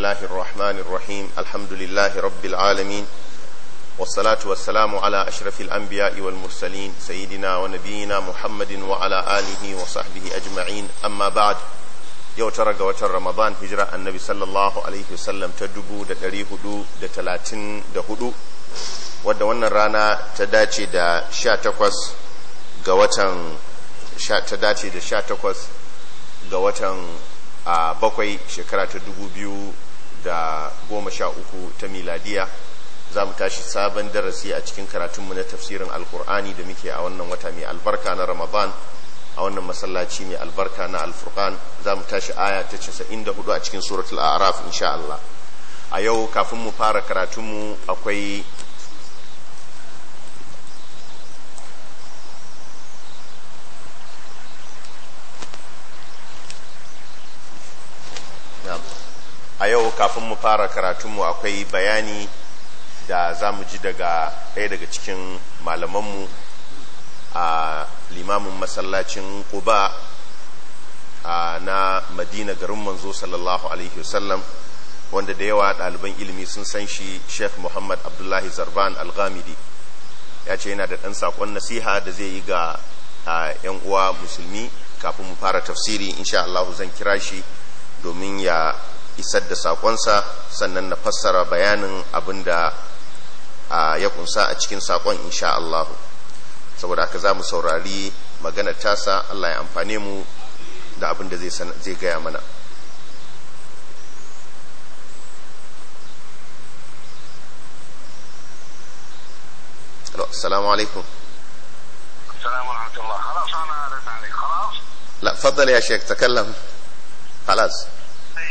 الله الرحمن الرحيم الحمد لله رب العالمين والصلاة والسلام على أشرف الأنبياء والمرسلين سيدنا ونبينا محمد وعلى آله وصحبه أجمعين أما بعد yau tara ga watan ramadan hijira annabi sallallahu ta dubu da ɗari hudu da wannan rana ta dace da sha takwas ga watan ta bakwai shekara ta dubu biyu da goma sha uku ta miladiya za mu tashi sabon darasi a cikin karatunmu na tafsirin alkur'ani da muke a wannan wata mai albarka na ramadan a wannan masallaci mai albarka na alfurkan za mu tashi aya ta casa'in da hudu a cikin suratul araf insha Allah a yau kafin mu fara karatunmu akwai a yau kafin mu fara karatunmu akwai bayani da za mu ji daga ɗaya daga cikin malamanmu a limamin masallacin kuba na madina garin manzo sallallahu alaihi wasallam wanda da yawa ɗaliban ilimi sun san shi sheikh muhammad abdullahi zarban alghamidi ya ce yana da ɗan saƙon nasiha da zai yi ga 'yan uwa musulmi kafin mu fara tafsiri insha Allah zan kira shi domin ya isar da sakonsa sannan na fassara bayanin abin da ya kunsa a cikin sakon insha Allah saboda aka za mu saurari maganar tasa Allah ya amfane mu da abin da zai gaya mana السلام عليكم السلام ورحمة الله خلاص أنا أردت عليك خلاص لا تفضل يا شيخ تكلم خلاص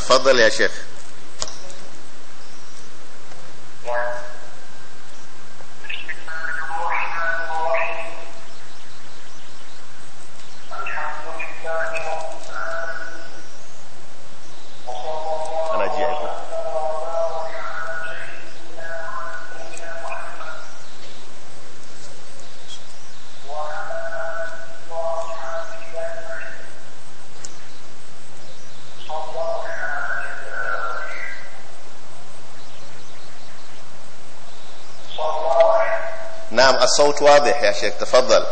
fadal ya shek الصوت واضح يا شيخ تفضل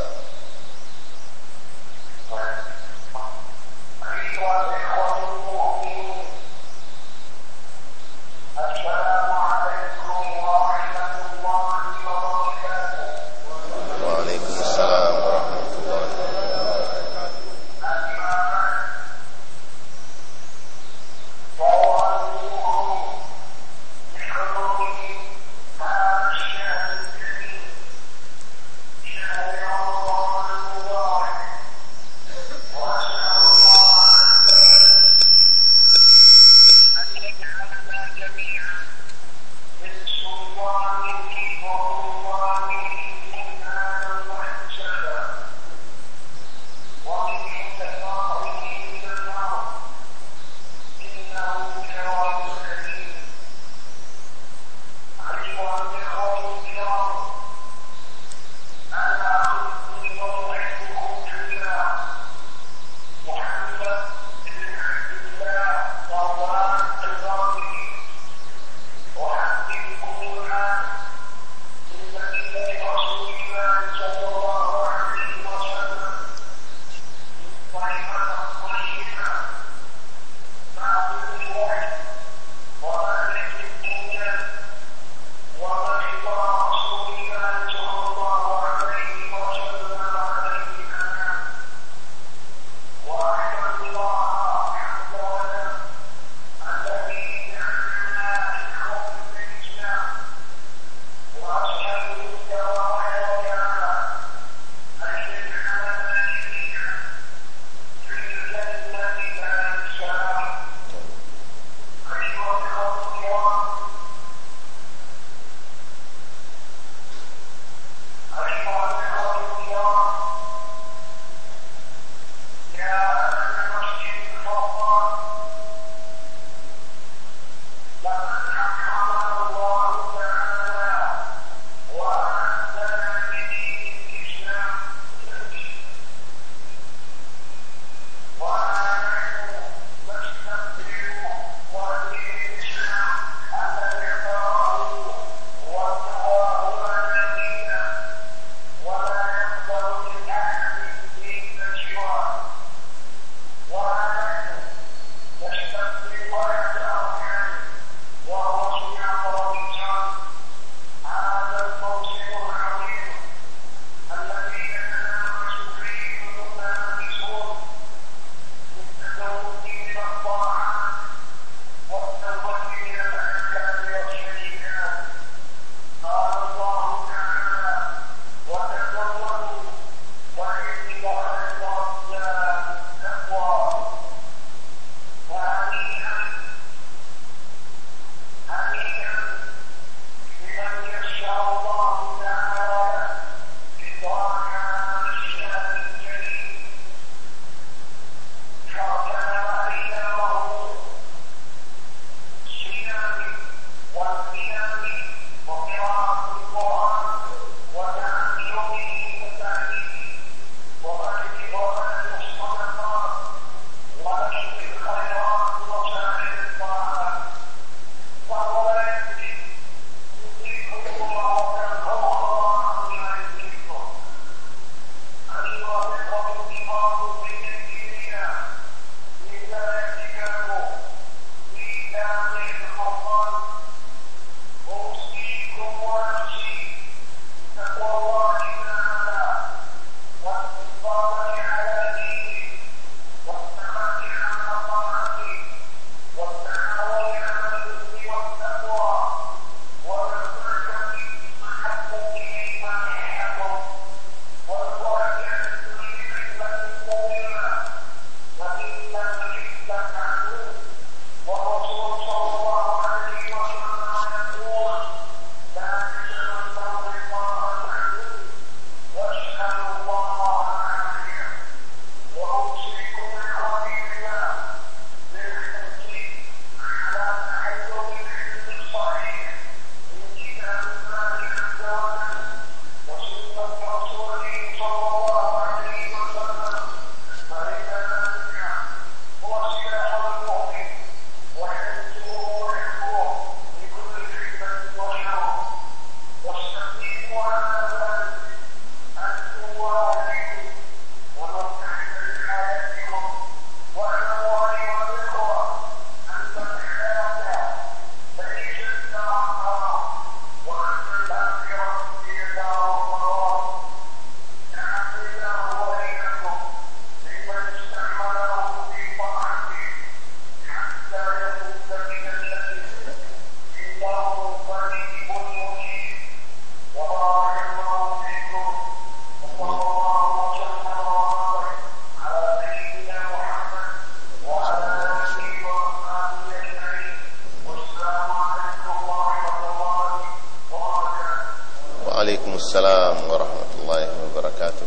عليكم السلام ورحمة الله وبركاته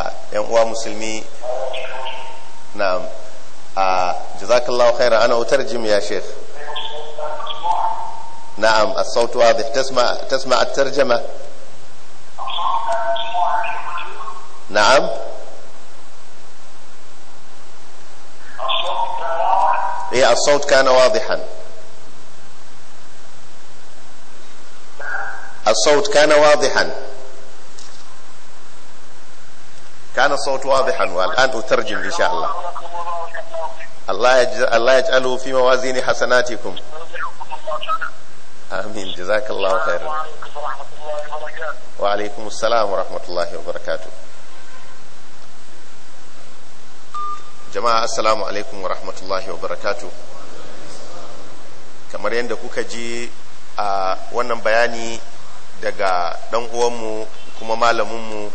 آه، يا مسلمي نعم آه، جزاك الله خيرا أنا أترجم يا شيخ نعم الصوت واضح تسمع تسمع الترجمة نعم الصوت كان واضحا إيه الصوت كان واضحا الصوت كان واضحا كان الصوت واضحا والآن أترجم إن شاء الله الله يجزل الله يجعله في موازين حسناتكم آمين جزاك الله خيرا وعليكم السلام ورحمة الله وبركاته jama'a assalamu alaikum wa rahmatullahi wa barakatu kamar yadda kuka ji a wannan bayani daga dan uwanmu kuma malaminmu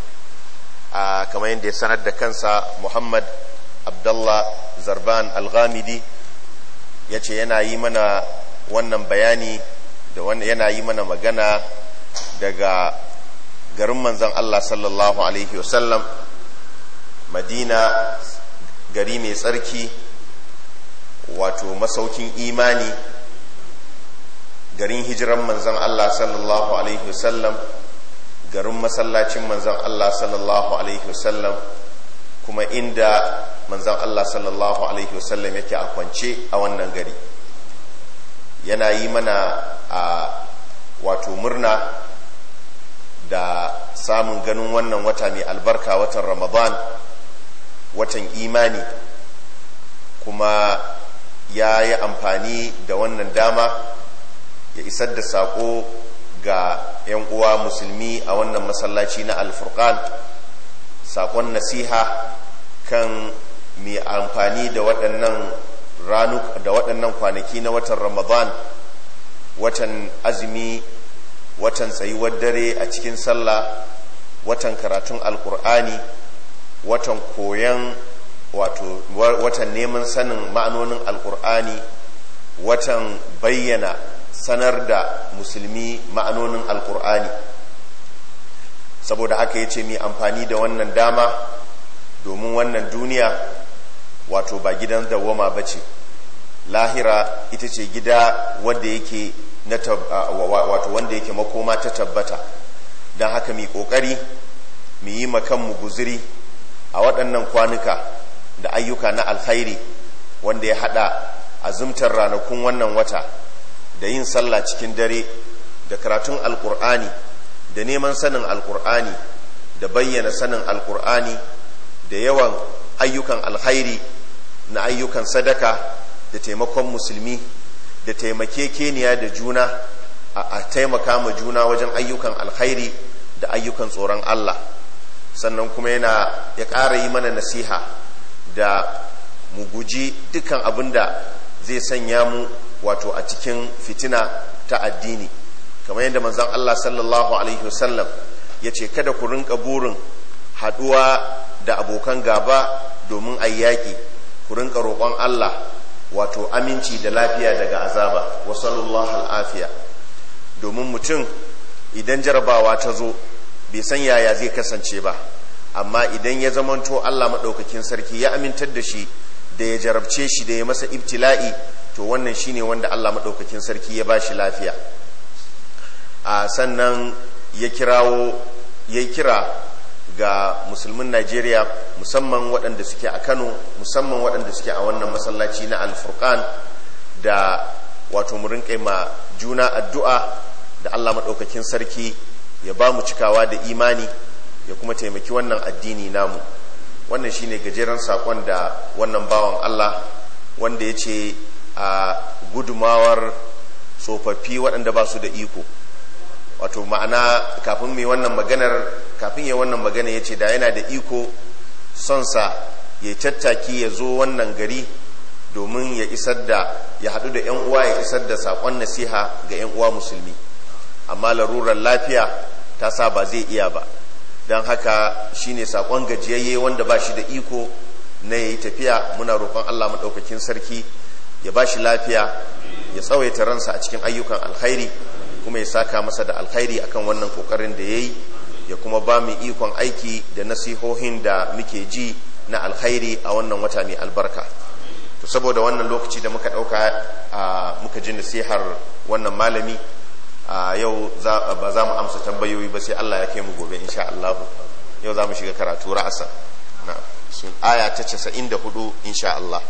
a kamar yadda ya sanar da kansa muhammad abdullah zarban alghamidi ya ce yana yi mana wannan bayani da yana yi mana magana daga garin manzan allah sallallahu alaihi wasallam madina gari mai tsarki wato masaukin imani garin hijiran manzan Allah sallallahu alaihi wasallam garin masallacin manzan Allah sallallahu alaihi wasallam kuma inda manzan Allah sallallahu alaihi wasallam yake a kwance a wannan gari yana yi mana a wato murna da samun ganin wannan wata mai albarka watan ramadan watan imani kuma ya yi amfani da wannan dama ya isar da sako ga 'yan uwa musulmi a wannan masallaci na alfurkan saƙon nasiha kan mai amfani da waɗannan da waɗannan kwanaki na watan ramadan watan azumi watan tsayuwar dare a cikin sallah watan karatun alkur'ani watan koyon wato watan neman sanin ma'anonin alkur'ani watan bayyana sanar da musulmi ma'anonin alkur'ani saboda haka ya ce mai amfani da wannan dama domin wannan duniya wato ba gidan dawoma ba ce lahira ita ce gida wanda yake na wanda yake makoma ta tabbata don haka mai kokari mu yi makanmu guziri a waɗannan kwanuka da ayyuka na alkhairi wanda ya hada azumtar ranakun wannan wata da yin sallah cikin dare da karatun alkur'ani da neman sanin alkur'ani da bayyana sanin alkur'ani da yawan ayyukan alkhairi na ayyukan sadaka da taimakon musulmi da taimake keniya da juna a taimaka ma juna wajen ayyukan alkhairi da ayyukan tsoron Allah sannan kuma yana ya ƙara yi mana nasiha da mu guji dukkan abin da zai sanya mu wato a cikin fitina ta addini kamar yadda manzan Allah sallallahu alaihi wasallam ya ce kada ku rinka burin haduwa da abokan gaba domin a yaƙi ku rinka roƙon Allah wato aminci da lafiya daga azaba wa sallallahu al'afiya domin mutum idan jarabawa ta zo bai san yaya zai kasance ba amma idan ya zamanto Allah maɗaukakin sarki ya amintar da shi da ya jarabce shi da ya masa ibtila'i to wannan shine wanda Allah maɗaukakin sarki ya ba shi lafiya a sannan ya kirawo ya kira ga musulmin Najeriya musamman waɗanda suke a Kano musamman waɗanda suke a wannan masallaci na alfurkan da wato mu rinƙa ma juna addu'a da Allah maɗaukakin sarki ya ba mu cikawa da imani ya kuma taimaki wannan addini namu wannan shine gajeren saƙon da wannan bawan Allah wanda ya ce a gudumawar tsofaffi waɗanda ba su da iko wato ma'ana kafin mai wannan maganar kafin ya wannan magana ya ce da yana da iko sonsa ya tattaki ya zo wannan gari domin ya isar da ya haɗu da 'yan uwa ya isar da saƙon nasiha ga 'yan uwa musulmi amma larurar lafiya ta sa ba zai iya ba don haka shine saƙon gajiyayye wanda ba shi da iko na ya yi tafiya muna roƙon allah maɗaukakin sarki ya ba shi lafiya ya tsawaita ransa a cikin ayyukan alkhairi kuma ya saka masa da alkhairi akan wannan kokarin da ya yi ya kuma ba mu ikon aiki da nasihohin da muke ji na alkhairi a wannan wata mai albarka to saboda wannan lokaci da muka ɗauka muka ji nasihar wannan malami a yau ba za mu amsa tambayoyi ba sai Allah ya kai mu gobe insha Allah yau za mu shiga karatu ra'asa na aya ta 94 insha Allah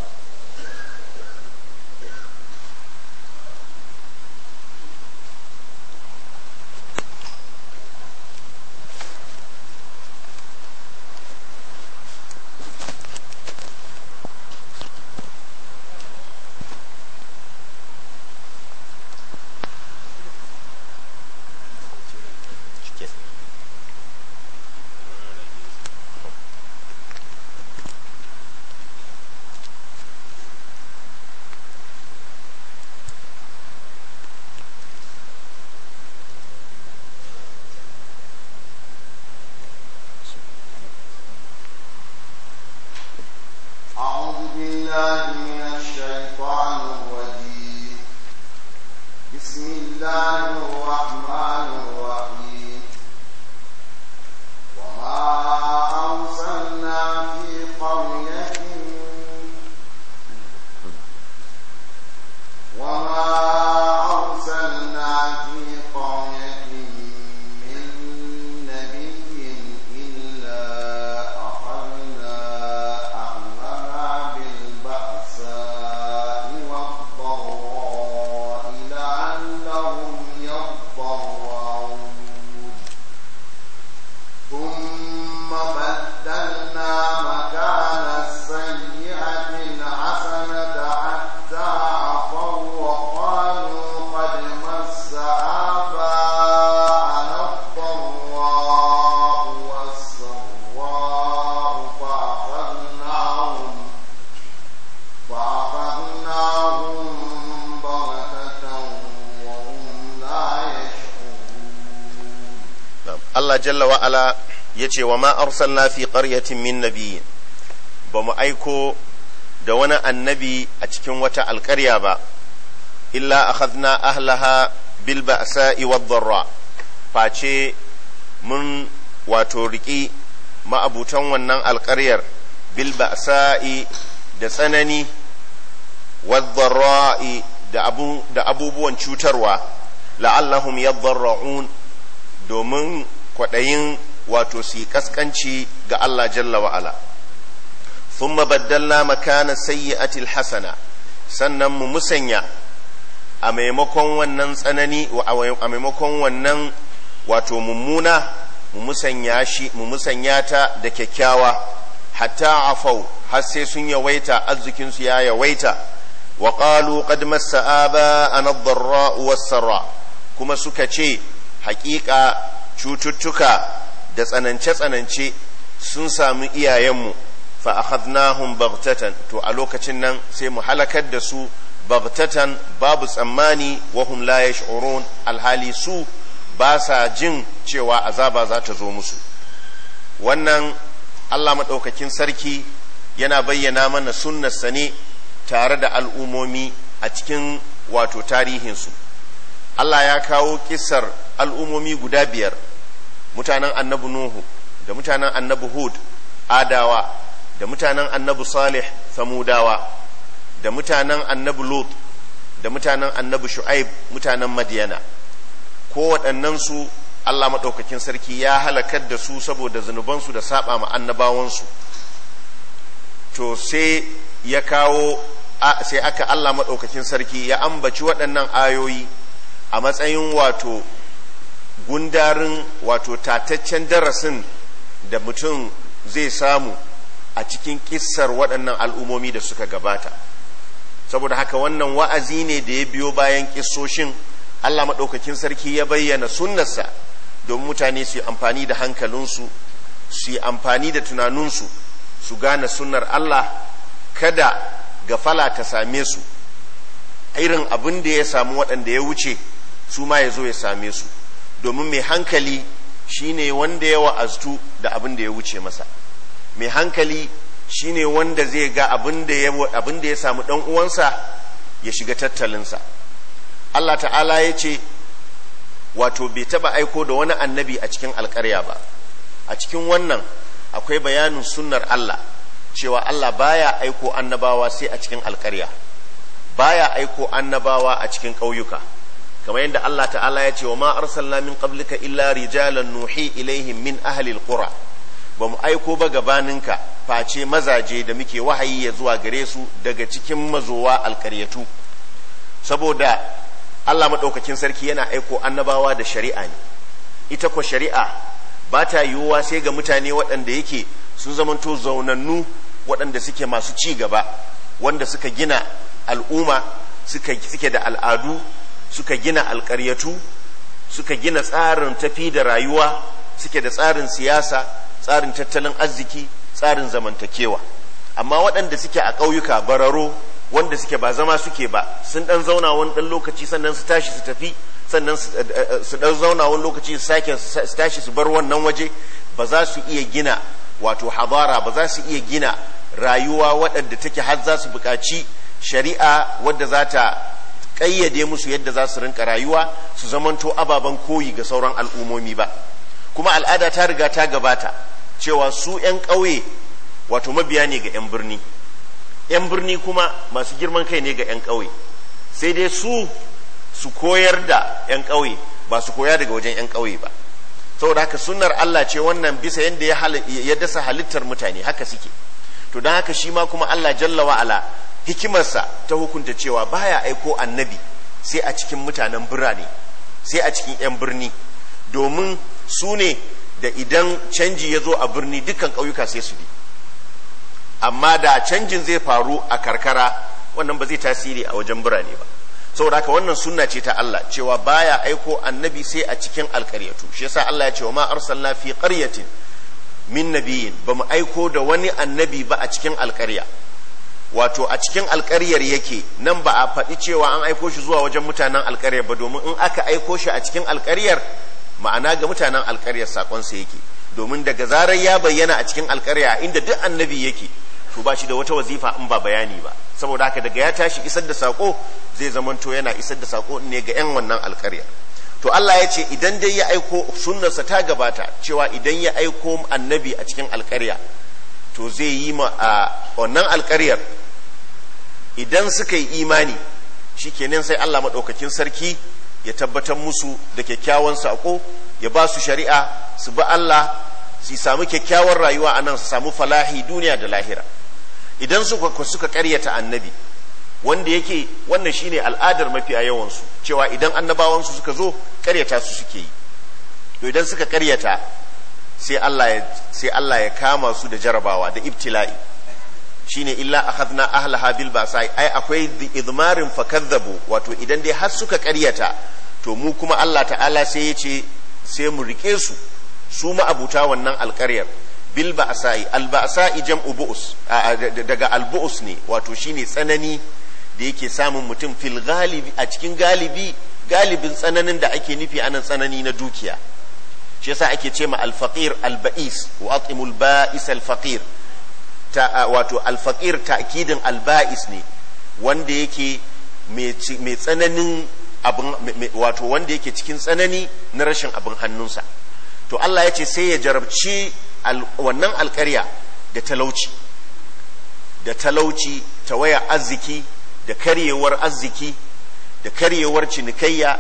wa'ala ya ce wa ma arsalna fi min nabiyyin ba mu aiko da wani annabi a cikin wata alƙarya ba illa akhadna ahlaha bilba a wad darra face mun wato riƙi ma'abutan wannan alƙaryar a sa'i da tsanani wad da abubuwan cutarwa la'allahum yadarra'un domin kwaɗayin wato su yi ƙasƙanci ga Allah jalla wa'ala sun na sayi sayyi'atil hasana sannan mu musanya a maimakon wannan tsanani a maimakon wannan wato mummuna mu musanya shi musanya ta da kyakkyawa hatta afau har sai sun yawaita arzikinsu ya yawaita wa qalu qad massa aba an dharra kuma suka ce haƙiƙa cututtuka da tsanance-tsanance sun samu iyayenmu fa akhadnahum baghtatan to a lokacin nan sai mu halakar da su baghtatan babu tsammani wa hum la yash'urun alhali su ba sa jin cewa azaba za ta zo musu wannan Allah maɗaukakin sarki yana bayyana mana sunnarsa ne tare da al'umomi a cikin wato tarihinsu Allah ya kawo kisar al'umomi guda biyar mutanen annabi nuhu da mutanen annabi hud adawa da mutanen annabi salih samudawa da mutanen annabi lut da mutanen annabi shu'aib mutanen madiyana ko waɗannan su allah maɗaukakin sarki ya halakar da su saboda zunubansu da saba ma annabawansu to sai ya kawo sai aka allah maɗaukakin sarki ya ambaci waɗannan ayoyi a matsayin wato gundarin wato tataccen darasin da mutum zai samu a cikin kissar waɗannan al'ummomi da suka gabata saboda haka wannan wa'azi ne da ya biyo bayan kissoshin allah maɗaukakin sarki ya bayyana sunnarsa domin mutane su yi amfani da hankalinsu su yi amfani da tunaninsu su gane sunnar allah kada ga fala ta same su irin abin da ya samu waɗanda ya wuce su ma ya zo ya same su domin mai hankali shine wanda ya wa'aztu da abin da ya wuce masa mai hankali shine wanda zai ga abin da ya samu dan uwansa ya shiga tattalinsa Allah ta'ala ya ce wato bai taba aiko da wani annabi a cikin alkarya ba a cikin wannan akwai bayanin sunnar Allah cewa Allah baya aiko annabawa sai a cikin alkarya baya aiko annabawa a cikin ƙauyuka kamar yadda Allah ta'ala ya ce wa ma arsalna min qablika illa rijalan nuhi ilaihim min ahli alqura ba mu aiko ba gabaninka face mazaje da muke wahayi ya zuwa gare su daga cikin mazowa alkaryatu saboda Allah maɗaukakin sarki yana aiko annabawa da shari'a ne ita ko shari'a ba ta yiwuwa sai ga mutane waɗanda yake sun zamanto zaunannu waɗanda suke masu ci gaba wanda suka gina al'umma suke da al'adu suka gina alkaryatu suka gina tsarin tafi da rayuwa suke da tsarin siyasa tsarin tattalin arziki tsarin zamantakewa amma waɗanda suke a ƙauyuka bararo wanda suke ba zama suke ba sun ɗan zauna wani ɗan lokaci sannan su tashi su tafi sannan su eh, eh, ɗan zauna wani lokaci su sake su tashi su bar wannan waje ba za su iya gina wato habara ba za su iya gina rayuwa waɗanda take har za su buƙaci shari'a wadda za ta ƙayyade musu yadda za su rinka rayuwa su zamanto ababen koyi ga sauran al'umomi ba kuma al'ada ta riga ta gabata cewa su 'yan ƙauye wato mabiya ne ga 'yan birni 'yan birni kuma masu girman kai ne ga 'yan ƙauye sai dai su su koyar da 'yan ƙauye ba su koya daga wajen 'yan ƙauye ba saboda haka sunnar Allah ce wannan bisa yadda ya dasa halittar mutane haka suke to don haka shi ma kuma Allah jalla wa'ala hikimarsa ta hukunta cewa baya aiko annabi sai a cikin mutanen birane sai a cikin 'yan birni domin su ne da idan canji ya zo a birni dukkan ƙauyuka sai su bi amma da canjin zai faru a karkara wannan ba zai tasiri a wajen birane ba saboda haka wannan sunna ce ta Allah cewa baya aiko annabi sai a cikin alƙaryatu shi yasa Allah ya ce wa ma arsalna fi qaryatin min nabiyyin bamu aiko da wani annabi ba a cikin alƙarya wato a cikin alƙaryar yake nan ba a faɗi cewa an aiko shi zuwa wajen mutanen alƙaryar ba domin in aka aiko shi a cikin alƙaryar ma'ana ga mutanen alƙaryar saƙonsa yake domin daga zarar ya bayyana a cikin alƙarya inda duk annabi yake to ba shi da wata wazifa in ba bayani ba saboda haka daga ya tashi isar da saƙo zai zamanto yana isar da saƙo ne ga 'yan wannan alƙarya to Allah ya ce idan dai ya aiko sunnarsa ta gabata cewa idan ya aiko annabi a cikin alƙarya to zai yi ma wannan alƙaryar idan suka yi imani shi kenan sai Allah maɗaukakin sarki ya tabbatar musu da kyakkyawan saƙo ya ba su shari'a su bi Allah su samu kyakkyawan rayuwa a nan su samu falahi duniya da lahira idan suka suka ƙaryata annabi wanda yake wannan shine al'adar mafi a yawansu cewa idan annabawansu suka zo ƙaryata su suke yi to idan suka ƙaryata sai Allah ya kama su da jarabawa da ibtila'i shine illa akhadna ahlaha bil basai ai akwai idmarin fakadzabu wato idan dai har suka karyata to mu kuma Allah ta'ala sai yace sai mu rike su su ma abuta wannan alƙaryar bil basai al basai jam'u bu'us daga al bu'us ne wato shine tsanani da yake samun mutum fil a cikin galibi galibin tsananin da ake nufi anan tsanani na dukiya shi yasa ake ce ma al faqir al ba'is wa atimul ba'is al faqir ta wato alfaqir ta'kidin alba'is ne wanda yake mai tsananin abin wato wanda yake cikin tsanani na rashin abin hannunsa to Allah ya ce sai ya jarabci wannan alkarya da talauci da talauci ta waya arziki da karyewar arziki da karyewar cinikayya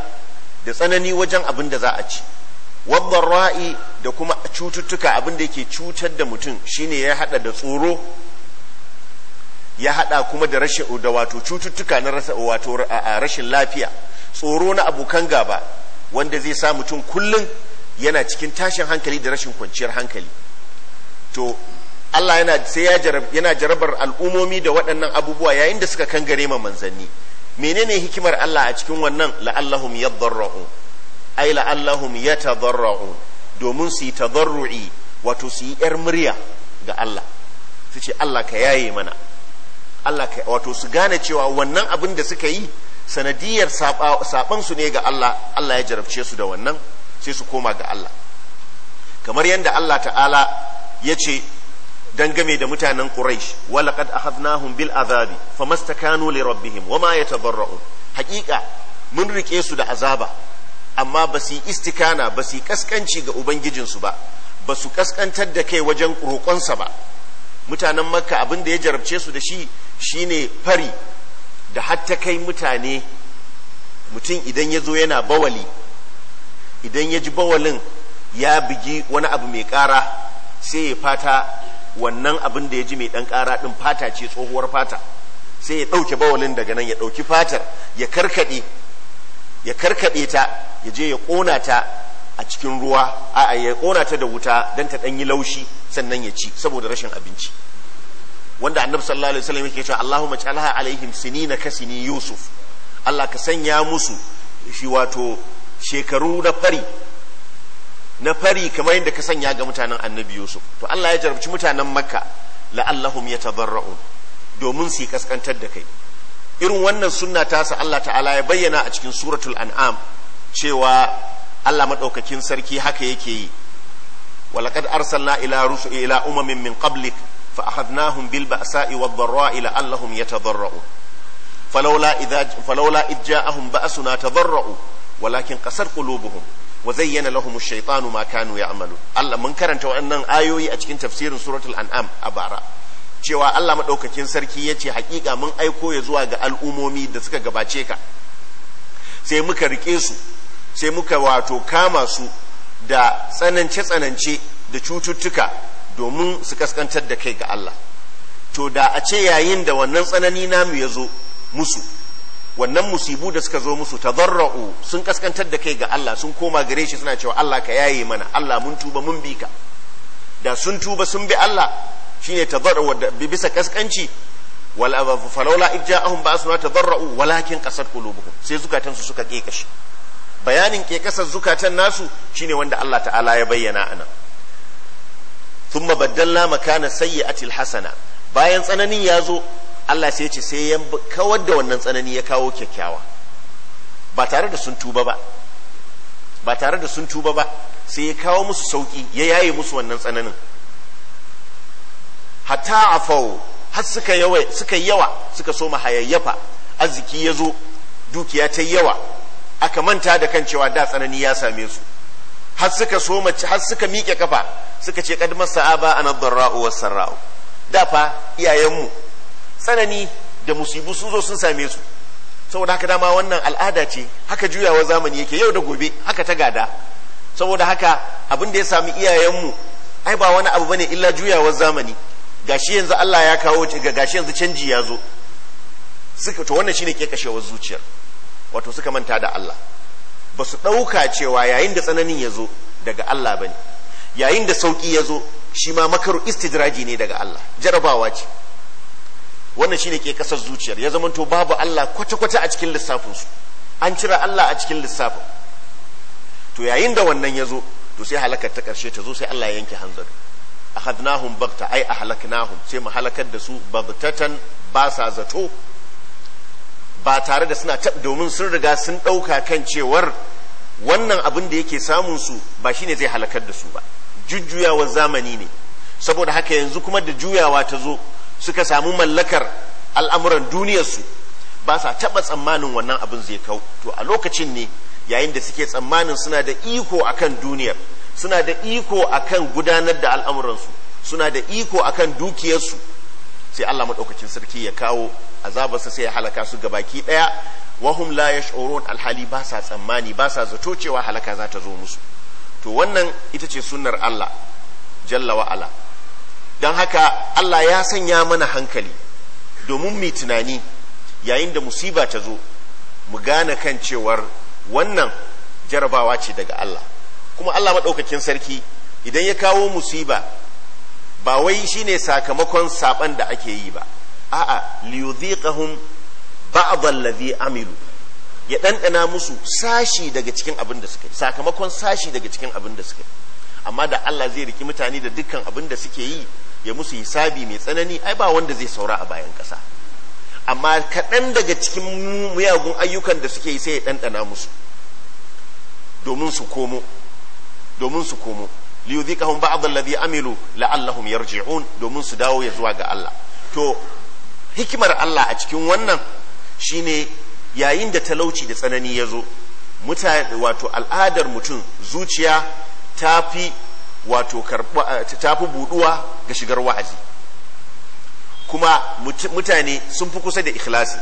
da tsanani wajen abin da za a ci wadda da kuma cututtuka abin da yake cutar da mutum shine ya hada da tsoro ya hada kuma da rashin da wato cututtuka na rasa wato rashin lafiya tsoro na abokan gaba wanda zai sa mutum kullum yana cikin tashin hankali da rashin kwanciyar hankali to Allah yana sai yana jarabar al'umomi da waɗannan abubuwa yayin da suka kangare ma manzanni menene hikimar Allah a cikin wannan la'allahum yadarra'un ay la'allahum tazarra'u domin su yi tadarru'i wato su yi yar murya ga Allah su ce Allah ka yaye mana Allah ka wato su gane cewa wannan abin da suka yi sanadiyar saban su ne ga Allah Allah ya jarabce su da wannan sai su koma ga Allah kamar yadda Allah ta'ala ya ce dangame da mutanen Quraysh walaqad akhadnahum bil azabi famastakanu li rabbihim wama yatadarra'un haqiqa mun rike su da azaba amma ba su yi istikana ba su yi kaskanci ga ubangijinsu ba ba su kaskantar da kai wajen roƙonsa ba mutanen makka abin da ya jarabce su da shi shine fari da hatta kai mutane mutum idan ya zo yana bawali idan ya ji bawalin ya bigi wani abu mai ƙara sai ya fata wannan abin da ya ji mai ɗan ƙara ɗin fata ce tsohuwar fata sai ya ɗauke bawalin daga nan ya ɗauki fatar ya karkaɗe ya karkaɗe ta ya je ya ƙona ta a cikin ruwa a ya ƙona ta da wuta dan ta ɗanyi laushi sannan ya ci saboda rashin abinci wanda annabi sallallahu alaihi wasallam yake cewa Allahumma chalaha alaihim sinina kasini yusuf Allah ka sanya musu shi wato shekaru na fari na fari kamar yadda ka sanya ga mutanen annabi yusuf to Allah ya jarabci mutanen makka la'allahum yatadarra'un domin su kaskantar da kai irin wannan sunna tasa Allah ta'ala ya bayyana a cikin suratul an'am cewa Allah madaukakin sarki haka yake yi walaqad arsalna ila rusul ila umamin min qablik fa akhadnahum bil ba'sa'i wad dharra'i la'allahum yatadarra'un falawla idza falawla id ba'suna tadarra'u walakin qasar qulubuhum wa zayyana lahum ash-shaytanu ma kanu ya'malun Allah mun karanta wannan ayoyi a cikin tafsirin suratul an'am a bara cewa Allah maɗaukakin sarki ya ce haƙiƙa mun aiko ya zuwa ga al'umomi da suka gabace ka sai muka rike su sai muka wato kama su da tsanance-tsanance da cututtuka domin su kaskantar da kai ga Allah to da a ce yayin da wannan tsanani namu ya zo musu wannan musibu da suka zo musu tadarra'u sun kaskantar da kai ga Allah sun koma gare shi suna cewa Allah ka yaye mana Allah mun tuba mun bi ka da sun tuba sun bi Allah shine tadarru bisa kaskanci wal falaula idja'ahum ba'suna tadarru walakin qasat qulubuhum sai zukatansu su suka kekashi bayanin kekasar zukatan nasu shine wanda Allah ta'ala ya bayyana anan thumma baddalna makana sayyi'atil hasana bayan tsananin ya zo Allah sai ce sai ya kawar da wannan tsanani ya kawo kyakkyawa ba tare da sun tuba ba ba tare da sun tuba ba sai ya kawo musu sauki ya yaye musu wannan tsananin hatta afau har suka yawa suka yawa suka so hayayyafa arziki ya zo dukiya ta yawa aka manta da kan cewa da tsanani ya same su har suka so har suka miƙe kafa suka ce kadmar sa'aba an darrau was-sarra'u da fa iyayenmu tsanani da musibu sun zo sun same su saboda haka dama wannan al'ada ce haka juyawa zamani yake yau da gobe haka ta gada saboda haka abin da ya sami iyayenmu ai ba wani abu bane illa juyawar zamani gashi yanzu Allah ya kawo gashi yanzu canji ya zo suka to wannan shine ke kashewar zuciyar wato suka manta da Allah ba su ɗauka cewa yayin da tsananin ya zo daga Allah ba ne yayin da sauƙi ya zo shi ma makaru istidraji ne daga Allah jarabawa ce wannan shine ke kasar zuciyar ya zamanto babu Allah kwata-kwata a cikin lissafinsu an cire Allah a cikin lissafin to yayin da wannan ya zo to sai halakar ta karshe ta zo sai Allah ya yanke hanzari akhadnahum bagta ai ahlaknahum sai mu halakar da su bagtatan ba sa zato ba tare da suna domin sun riga sun ɗauka kan cewar wannan abin da yake samun su ba shine zai halakar da su ba jujjuyawar zamani ne saboda haka yanzu kuma da juyawa ta zo suka samu mallakar al'amuran duniyarsu ba sa taɓa tsammanin wannan abin zai kau to a lokacin ne yayin da suke tsammanin suna da iko akan duniyar suna da iko akan gudanar da al'amuransu suna da iko akan dukiyarsu sai Allah maɗaukacin sarki ya kawo azabarsa sai ya halaka su gabaki ɗaya wahum la yash'urun alhali ba sa tsammani ba sa zato cewa halaka za ta zo musu to wannan ita ce sunnar Allah jalla wa ala don haka Allah ya sanya mana hankali domin mai tunani yayin da musiba ta zo mu gane kan cewar wannan jarabawa ce daga Allah kuma Allah maɗaukakin sarki idan ya kawo musiba ba wai shi ne sakamakon saɓan da ake yi ba a'a liyudhiqahum ba'd allazi amilu ya ɗanɗana musu sashi daga cikin abin da suka yi sakamakon sashi daga cikin abin da suka yi amma da Allah zai riki mutane da dukkan abin da suke yi ya musu hisabi mai tsanani ai ba wanda zai saura a bayan ƙasa amma kaɗan daga cikin miyagun ayyukan da suke yi sai ya ɗanɗana musu domin su komo domin su komo li yudhiqahum ba'd alladhi amilu la'allahum yarji'un domin su dawo ya zuwa ga Allah to hikimar Allah a cikin wannan shine yayin da talauci da tsanani ya zo mutane wato al'adar mutum zuciya ta fi wato ta fi buduwa ga shigar wa'azi kuma mutane sun fi kusa da ikhlasi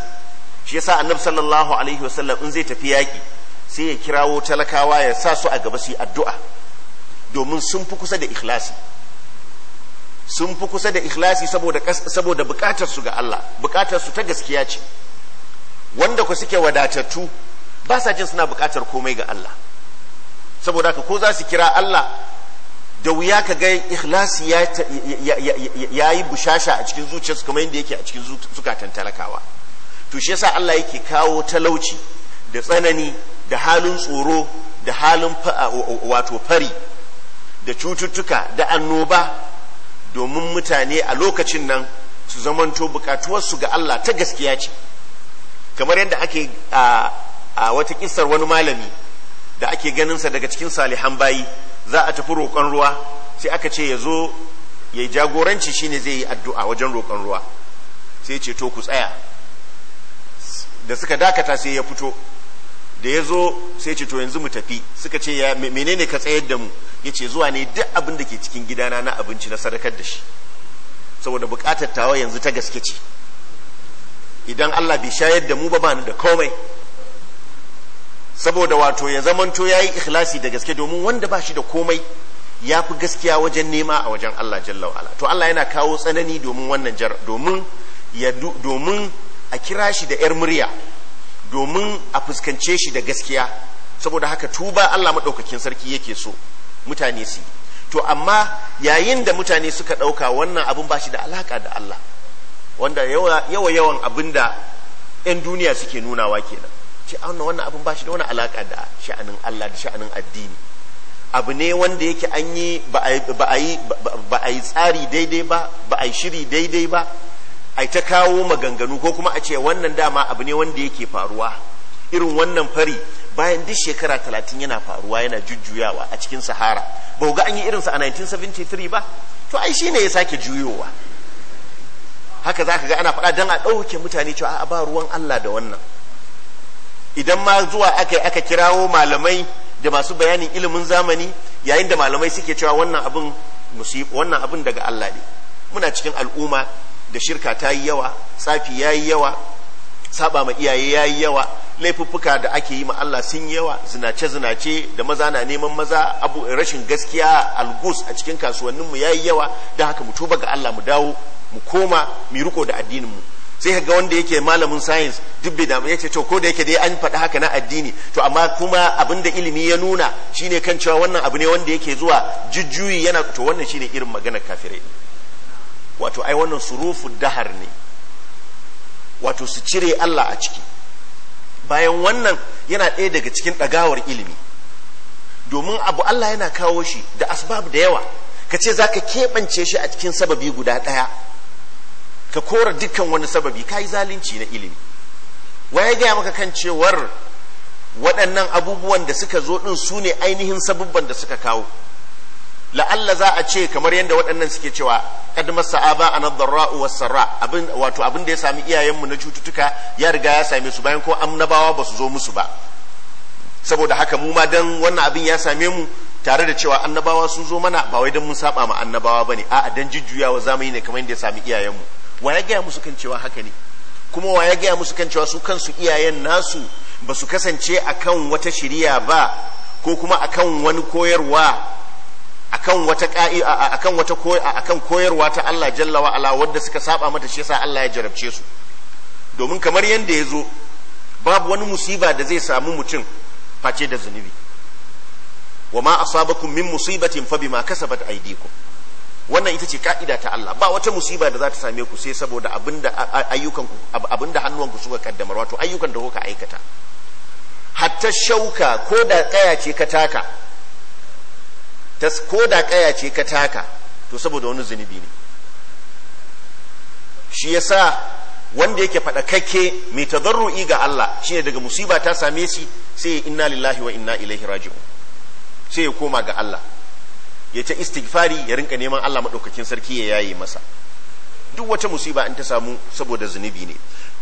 shi yasa annabi sallallahu alaihi wasallam in zai tafi yaki sai ya kirawo talakawa ya sa su a gaba su yi addu'a domin sun fi kusa da ikhlasi sun fi kusa da ikhlasi saboda su ga Allah bukatar su ta gaskiya ce wanda ku suke wadatattu ba sa jin suna bukatar komai ga Allah saboda ka ko za su kira Allah da wuya ka ga ikhlasi ya yi bushasha a cikin zuciyarsu kamar yadda yake a cikin zukatan talakawa to shi yasa Allah yake kawo talauci da tsanani da halin tsoro da halin wato fari da cututtuka da annoba domin mutane a lokacin nan su zamanto bukatuwarsu ga Allah ta gaskiya ce kamar yadda ake a wata kisar wani malami da ake ganinsa daga cikin salihan bayi za a tafi roƙon ruwa sai aka ce ya zo ya jagoranci shine zai yi addu'a wajen roƙon ruwa sai ce to ku tsaya da suka dakata sai ya fito da ya zo sai ce to yanzu mu tafi suka ce ya menene ka tsayar da mu ya ce zuwa ne duk abin da ke cikin gidana na abinci na sadakar da shi saboda bukatar tawa yanzu ta gaske ce idan Allah bai shayar da mu ba bani da komai saboda wato ya zamanto ya yi ikhlasi da gaske domin wanda ba shi da komai ya fi gaskiya wajen nema a wajen Allah jalla wa'ala to Allah yana kawo tsanani domin wannan jar domin ya domin a kira shi da yar murya domin a fuskance shi da gaskiya saboda haka tuba Allah maɗaukakin sarki yake so mutane su to amma yayin da mutane suka ɗauka wannan abin ba shi da alaƙa da Allah wanda yawa yawan abin da 'yan duniya suke nunawa kenan ce a wannan abin ba shi da wani alaƙa da sha'anin Allah da sha'anin addini abu ne wanda yake an yi ba a yi tsari daidai ba ba a yi shiri daidai ba a ta kawo maganganu ko kuma a ce wannan dama abu ne wanda yake faruwa irin wannan fari bayan duk shekara talatin yana faruwa yana jujjuyawa a cikin sahara ba ga an yi irinsa a 1973 ba to ai shi ne ya sake juyowa haka za ka ga ana faɗa don a ɗauke mutane cewa a ba ruwan Allah da wannan idan ma zuwa aka aka kirawo malamai da masu bayanin ilimin zamani yayin da malamai suke cewa wannan abin wannan abin daga Allah ne muna cikin al'umma da shirka ta yi yawa tsafi ya yi yawa saba ma iyaye ya yi yawa laifuffuka da ake yi ma Allah sun yi yawa zinace-zinace da maza na neman maza abu rashin gaskiya algus a cikin kasuwannin mu ya yi yawa don haka mu tuba ga Allah mu dawo mu koma mu riko da addinin mu sai ga wanda yake malamin science duk bai damu yace to ko da yake dai an faɗi haka na addini to amma kuma abin da ilimi ya nuna shine kan cewa wannan abu ne wanda yake zuwa jujjuyi yana to wannan shine irin maganar kafirai wato ai wannan surufu dahar ne wato su cire Allah a ciki bayan wannan yana ɗaya daga cikin ɗagawar ilimi domin abu Allah yana kawo shi da asbab da yawa ka ce za ka keɓance shi a cikin sababi guda ɗaya ka kora dukkan wani sababi ka yi zalunci na ilimi wa ya gaya maka kan cewar waɗannan abubuwan da suka zo ɗin su ne ainihin sababban da suka kawo la'alla za a ce kamar yadda waɗannan suke cewa kad masa aba a darra'u was sarra abin wato abin da ya sami iyayenmu na cututtuka ya riga ya same su bayan ko annabawa ba su zo musu ba saboda haka mu ma dan wannan abin ya same mu tare da cewa annabawa sun zo mana ba wai dan mun saba ma annabawa bane a'a dan jujjuyawa zamani ne kamar yadda ya sami iyayenmu wa ya gaya musu kan cewa haka ne kuma wa ya gaya musu kan cewa su kansu iyayen nasu ba su kasance akan wata shiriya ba ko kuma akan wani koyarwa akan wata ka'i akan wata akan koyarwa ta Allah jalla wa ala wanda suka saba mata shi yasa Allah ya jarabce su domin kamar yanda yazo babu wani musiba da zai samu mutum face da zunubi wa ma asabakum min musibatin fa bima kasabat aydikum wannan ita ce ka'ida ta Allah ba wata musiba da za ta same ku sai saboda abinda ayyukan ku abinda hannuwanku suka kaddamar wato ayyukan da kuka aikata hatta shauka ko da tsaya ce ka taka ko da kaya ce ka taka to saboda wani zunubi ne shi yasa wanda yake faɗakakke mai tazarru'i ga Allah shi ne daga musiba ta same shi sai inna lillahi wa inna ilaihi raji'un sai ya koma ga Allah ya ta istighfari ya rinka neman Allah madaukakin sarki ya yaye masa duk wata musiba in ta samu saboda zunubi ne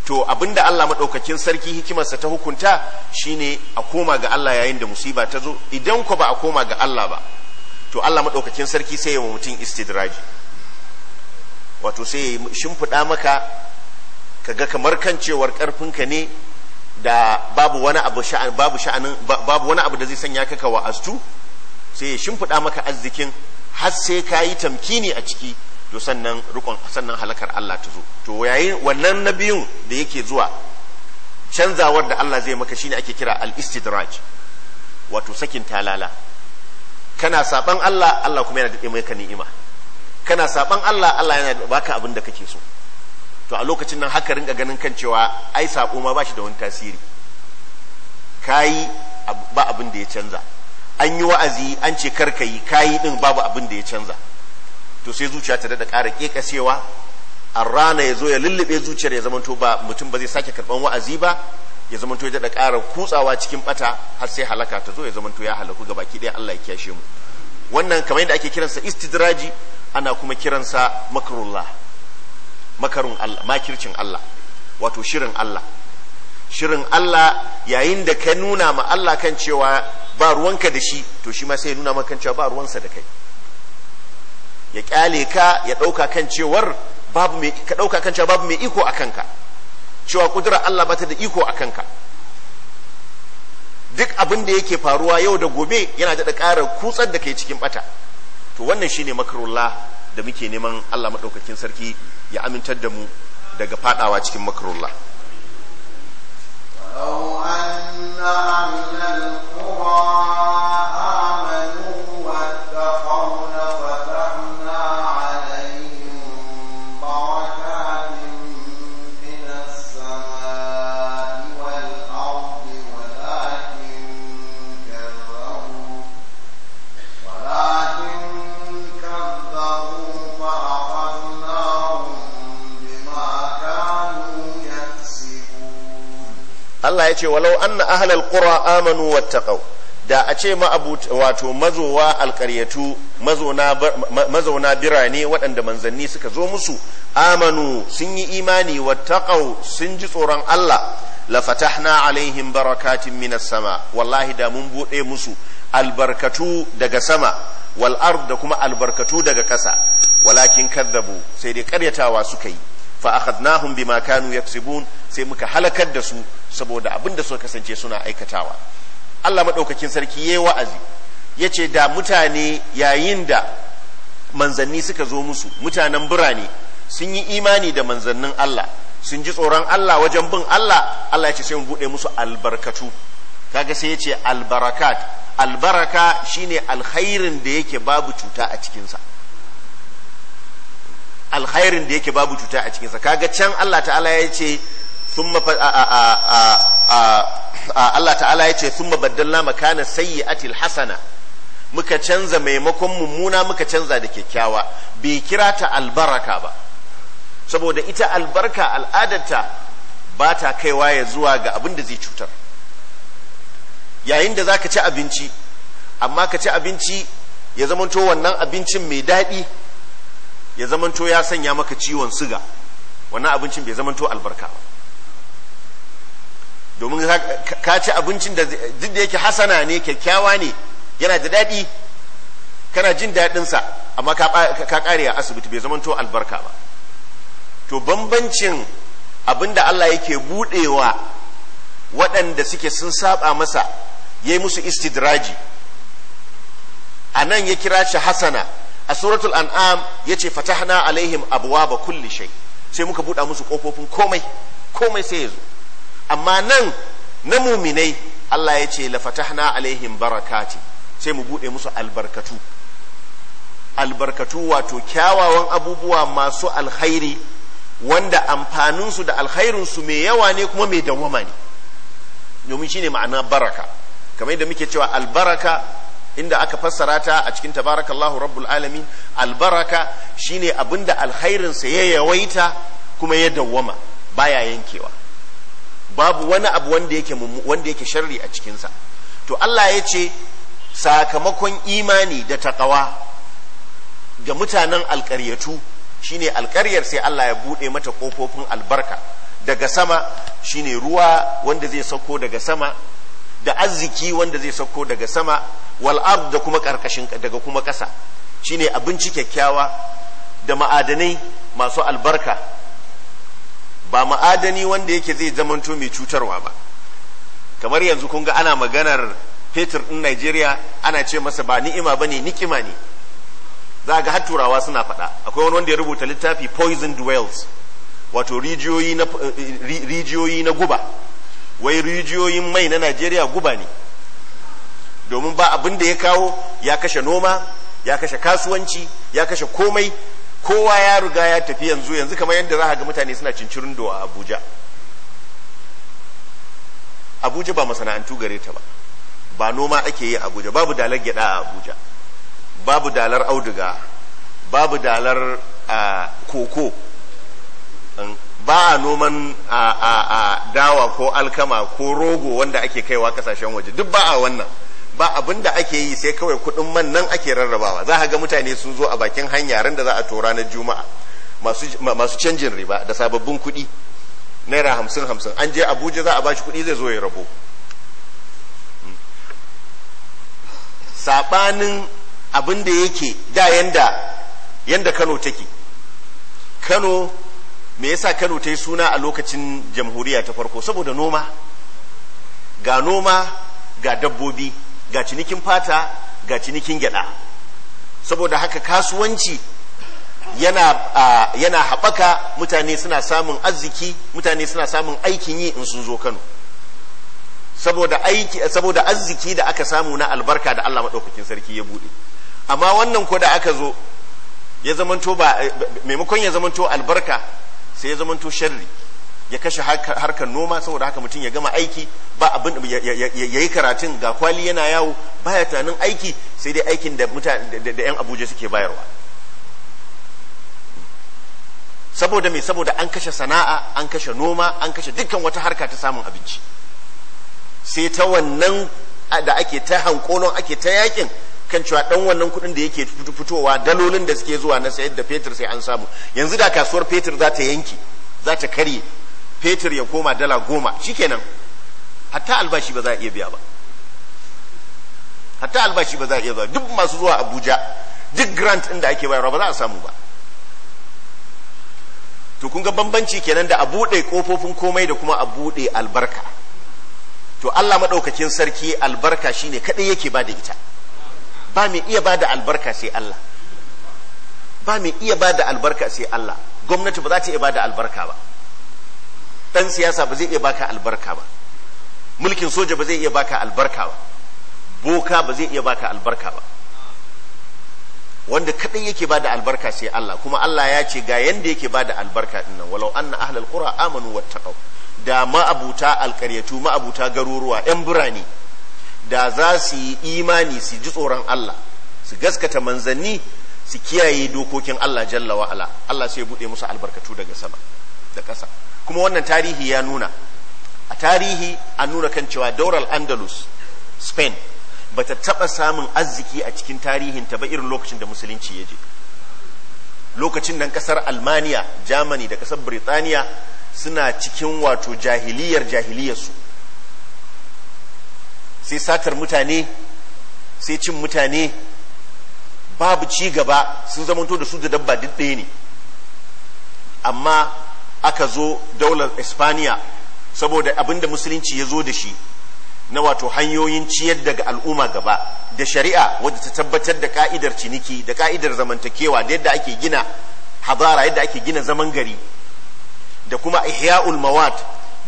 to abinda Allah madaukakin sarki hikimarsa ta hukunta shine a koma ga Allah yayin da musiba ta zo idan ko ba a koma ga Allah ba to Allah maɗaukakin sarki sai ya mutum istidraji wato sai ya shimfiɗa maka kaga kamar kan cewar ƙarfinka ne da babu wani abu sha'an babu sha'anin babu wani abu da zai sanya ka kawa astu sai ya shimfiɗa maka arzikin har sai ka yi tamkini a ciki to sannan rukun sannan halakar Allah ta zo to yayin wannan nabiyun da yake zuwa canzawar da Allah zai maka shine ake kira al-istidraj wato sakin talala kana saban Allah Allah kuma yana daɗe ka ni'ima kana saban Allah Allah yana baka abin da kake so to a lokacin nan haka rinka ganin kan cewa ai sako ma ba shi da wani tasiri kayi ba abin da ya canza an yi wa'azi an ce karka yi kayi din babu abin da ya canza to sai zuciya ta daɗa ƙara ƙeƙasewa a rana ya zo ya lullube zuciyar ya zamanto ba mutum ba zai sake karɓan wa'azi ba ya zamanto ya da ƙara kutsawa cikin bata har sai halaka ta zo ya zamanto ya halaku ga baki ɗaya Allah ya kiyashe mu wannan kamar yadda ake kiransa istidraji ana kuma kiransa makarullah makarun Allah makircin Allah wato shirin Allah shirin Allah yayin da ka nuna ma Allah kan cewa ba ruwanka da shi to shi ma sai ya nuna maka kan cewa ba ruwansa da kai ya kyale ka ya ɗauka kan cewar babu mai ka ɗauka kan cewa babu mai iko a kanka cewa kudura Allah bata da iko a kanka duk abin da yake faruwa yau da gobe yana da ƙara kutsar da kai cikin bata to wannan shine makarullah da muke neman Allah maɗaukakin sarki ya amintar da mu daga fadawa cikin makarullah ce walau anna ahlal qura amanu wattaqau da a ce wato mazowa alƙaryatu mazauna birane waɗanda manzanni suka zo musu amanu sun yi imani wattaqau sun ji tsoron Allah la fatahna alaihim barakatin minas sama wallahi da mun buɗe musu albarkatu daga sama wal da kuma albarkatu daga ƙasa walakin kadzabu sai dai karyatawa suka yi fa akhadnahum bima kanu yaksibun sai muka halakar da su saboda abin da suka kasance suna aikatawa Allah maɗaukakin sarki ya yi wa'azi ya ce da mutane yayin da manzanni suka zo musu mutanen birane sun yi imani da manzannin Allah sun ji tsoron Allah wajen bin Allah Allah ya ce sai mu buɗe musu albarkatu kaga sai ya ce albarakat albaraka shine alkhairin da yake babu cuta a cikinsa alkhairin da yake babu cuta a cikinsa kaga can Allah ta'ala ya ce thumma Allah ta'ala ya ce thumma baddalna makana atil hasana muka canza maimakon mummuna muka canza da kyakkyawa bai kira ta albaraka ba saboda ita albarka al'adarta ba ta kaiwa ya zuwa ga abin da zai cutar yayin da za ka ci abinci amma ka ci abinci ya zamanto wannan abincin mai daɗi ya zamanto ya sanya maka ciwon siga wannan abincin bai zamanto albarka ba domin ka ci abincin da duk da yake hasana ne kyakkyawa ne yana da daɗi kana jin daɗinsa amma ka ƙare a asibiti bai zamanto albarka ba to bambancin abin da Allah yake buɗewa waɗanda suke sun saba masa ya yi musu istidraji a nan ya kira shi hasana a suratul an'am ya ce fatahna alaihim abuwa ba kulli shai sai muka buɗa musu ƙofofin komai komai sai ya zo amma nan na muminai Allah ya ce lafatahna alaihim barakati sai mu bude musu albarkatu albarkatu wato kyawawan abubuwa masu alkhairi wanda amfaninsu da alkhairinsu mai yawa ne kuma mai dawama ne domin shine ma'ana baraka kamar yadda muke cewa albaraka inda aka fassara ta a cikin tabarakallahu rabbul alamin albaraka shine abinda alkhairinsa ya yawaita kuma ya dawama baya yankewa babu wani abu wanda yake wanda yake sharri a cikinsa to Allah ya ce sakamakon imani da taqawa ga mutanen alƙaryatu shine alƙaryar sai Allah ya bude mata kofofin albarka daga sama shine ruwa wanda zai sauko daga sama da arziki wanda zai sauko daga sama wal ard da kuma karkashin daga kuma kasa shine abinci kyakkyawa da ma'adanai masu albarka ba ma'adani wanda yake zai zamanto mai cutarwa ba kamar yanzu kun ga ana maganar fetur ɗin Najeriya ana ce masa ba ni'ima ba ne nikima ne za ga har turawa suna faɗa akwai wani wanda ya rubuta littafi poisoned dwells wato rijiyoyi na rijiyoyi na guba wai rijiyoyin mai na Najeriya guba ne domin ba abin da ya kawo ya kashe noma ya kashe kasuwanci ya kashe komai kowa ya riga ya tafi yanzu yanzu kamar yadda za ga mutane suna cincirin a abuja abuja ba masana'antu gare ta ba ba noma ake yi abuja babu dalar gyada a abuja babu dalar auduga babu dalar koko ba a noman a dawa ko alkama ko rogo wanda ake kaiwa kasashen waje duk ba a wannan ba abin da ake yi sai kawai kuɗin man nan ake rarrabawa za ga mutane sun zo a bakin hanya ran da za a to na juma'a masu canjin riba da sababbin kuɗi naira hamsin hamsin an je abuja za a ba bashi kuɗi zai zo ya rabo hmm. saɓanin abin da yake da yanda yanda kano take kano me yasa kano ta yi suna a lokacin jamhuriya ta farko saboda noma ga noma ga dabbobi ga cinikin fata ga cinikin gyada saboda haka kasuwanci yana uh, yana haɓaka mutane suna samun arziki mutane suna samun aikin yi in sun zo Kano saboda aiki saboda arziki da aka samu na albarka da Allah madaukakin sarki ya buɗe amma wannan ko da aka zo ya zamanto ba maimakon ya zamanto albarka sai ya zamanto sharri ya kashe harkar noma saboda haka mutum ya gama aiki ba abin ya yi karatun ga kwali yana yawo baya tunanin aiki sai dai aikin da da 'yan abuja suke bayarwa saboda me saboda an kashe sana'a an kashe noma an kashe dukkan wata harka ta samun abinci sai ta wannan da ake ta hankolon ake ta yakin kan cewa dan wannan kuɗin da yake fitowa dalolin da suke zuwa na sayar da fetur sai an samu yanzu da kasuwar fetur za ta yanke za ta karye fetur ya koma dala goma shikenan hatta albashi ba za a iya biya ba hatta albashi ba za a iya biya duk masu zuwa abuja duk grant inda ake bayarwa ba za a samu ba to kun ga bambanci kenan da a buɗe kofofin komai da kuma a buɗe albarka to Allah maɗaukakin sarki albarka shine kaɗai yake ba da ita ba mai iya ba da albarka sai Allah ba mai iya ba da albarka sai Allah gwamnati ba za ta iya ba da albarka ba dan siyasa ba zai iya baka albarka ba mulkin soja ba zai iya baka albarka ba boka ba zai iya baka albarka ba wanda kadai yake bada albarka sai Allah kuma Allah ya ce ga yanda yake bada albarka dinnan walau anna ahlul qura amanu wattaqau da ma'abuta alƙaryatu ma'abuta garuruwa yan birane da za su yi imani su ji tsoron Allah su gaskata manzanni su kiyaye dokokin Allah jalla wa ala Allah sai ya bude musu albarkatu daga sama da ƙasa kuma wannan tarihi ya nuna a tarihi an nuna kan cewa doral andalus spain bata taɓa samun arziki a cikin tarihin ta ba irin lokacin da musulunci ya je lokacin nan kasar almaniya germany da kasar birtaniya suna cikin wato jahiliyar jahiliyarsu sai satar mutane sai cin mutane babu ci gaba sun zamanto da su da dabba duk ɗaya ne amma aka zo daular Espaniya saboda abinda musulunci ya zo da shi na wato hanyoyin ciyar daga al'umma gaba da shari'a wadda ta tabbatar da ka'idar ciniki da ka'idar zamantakewa da yadda ake gina hadara yadda ake gina zaman gari da kuma ihya'ul mawad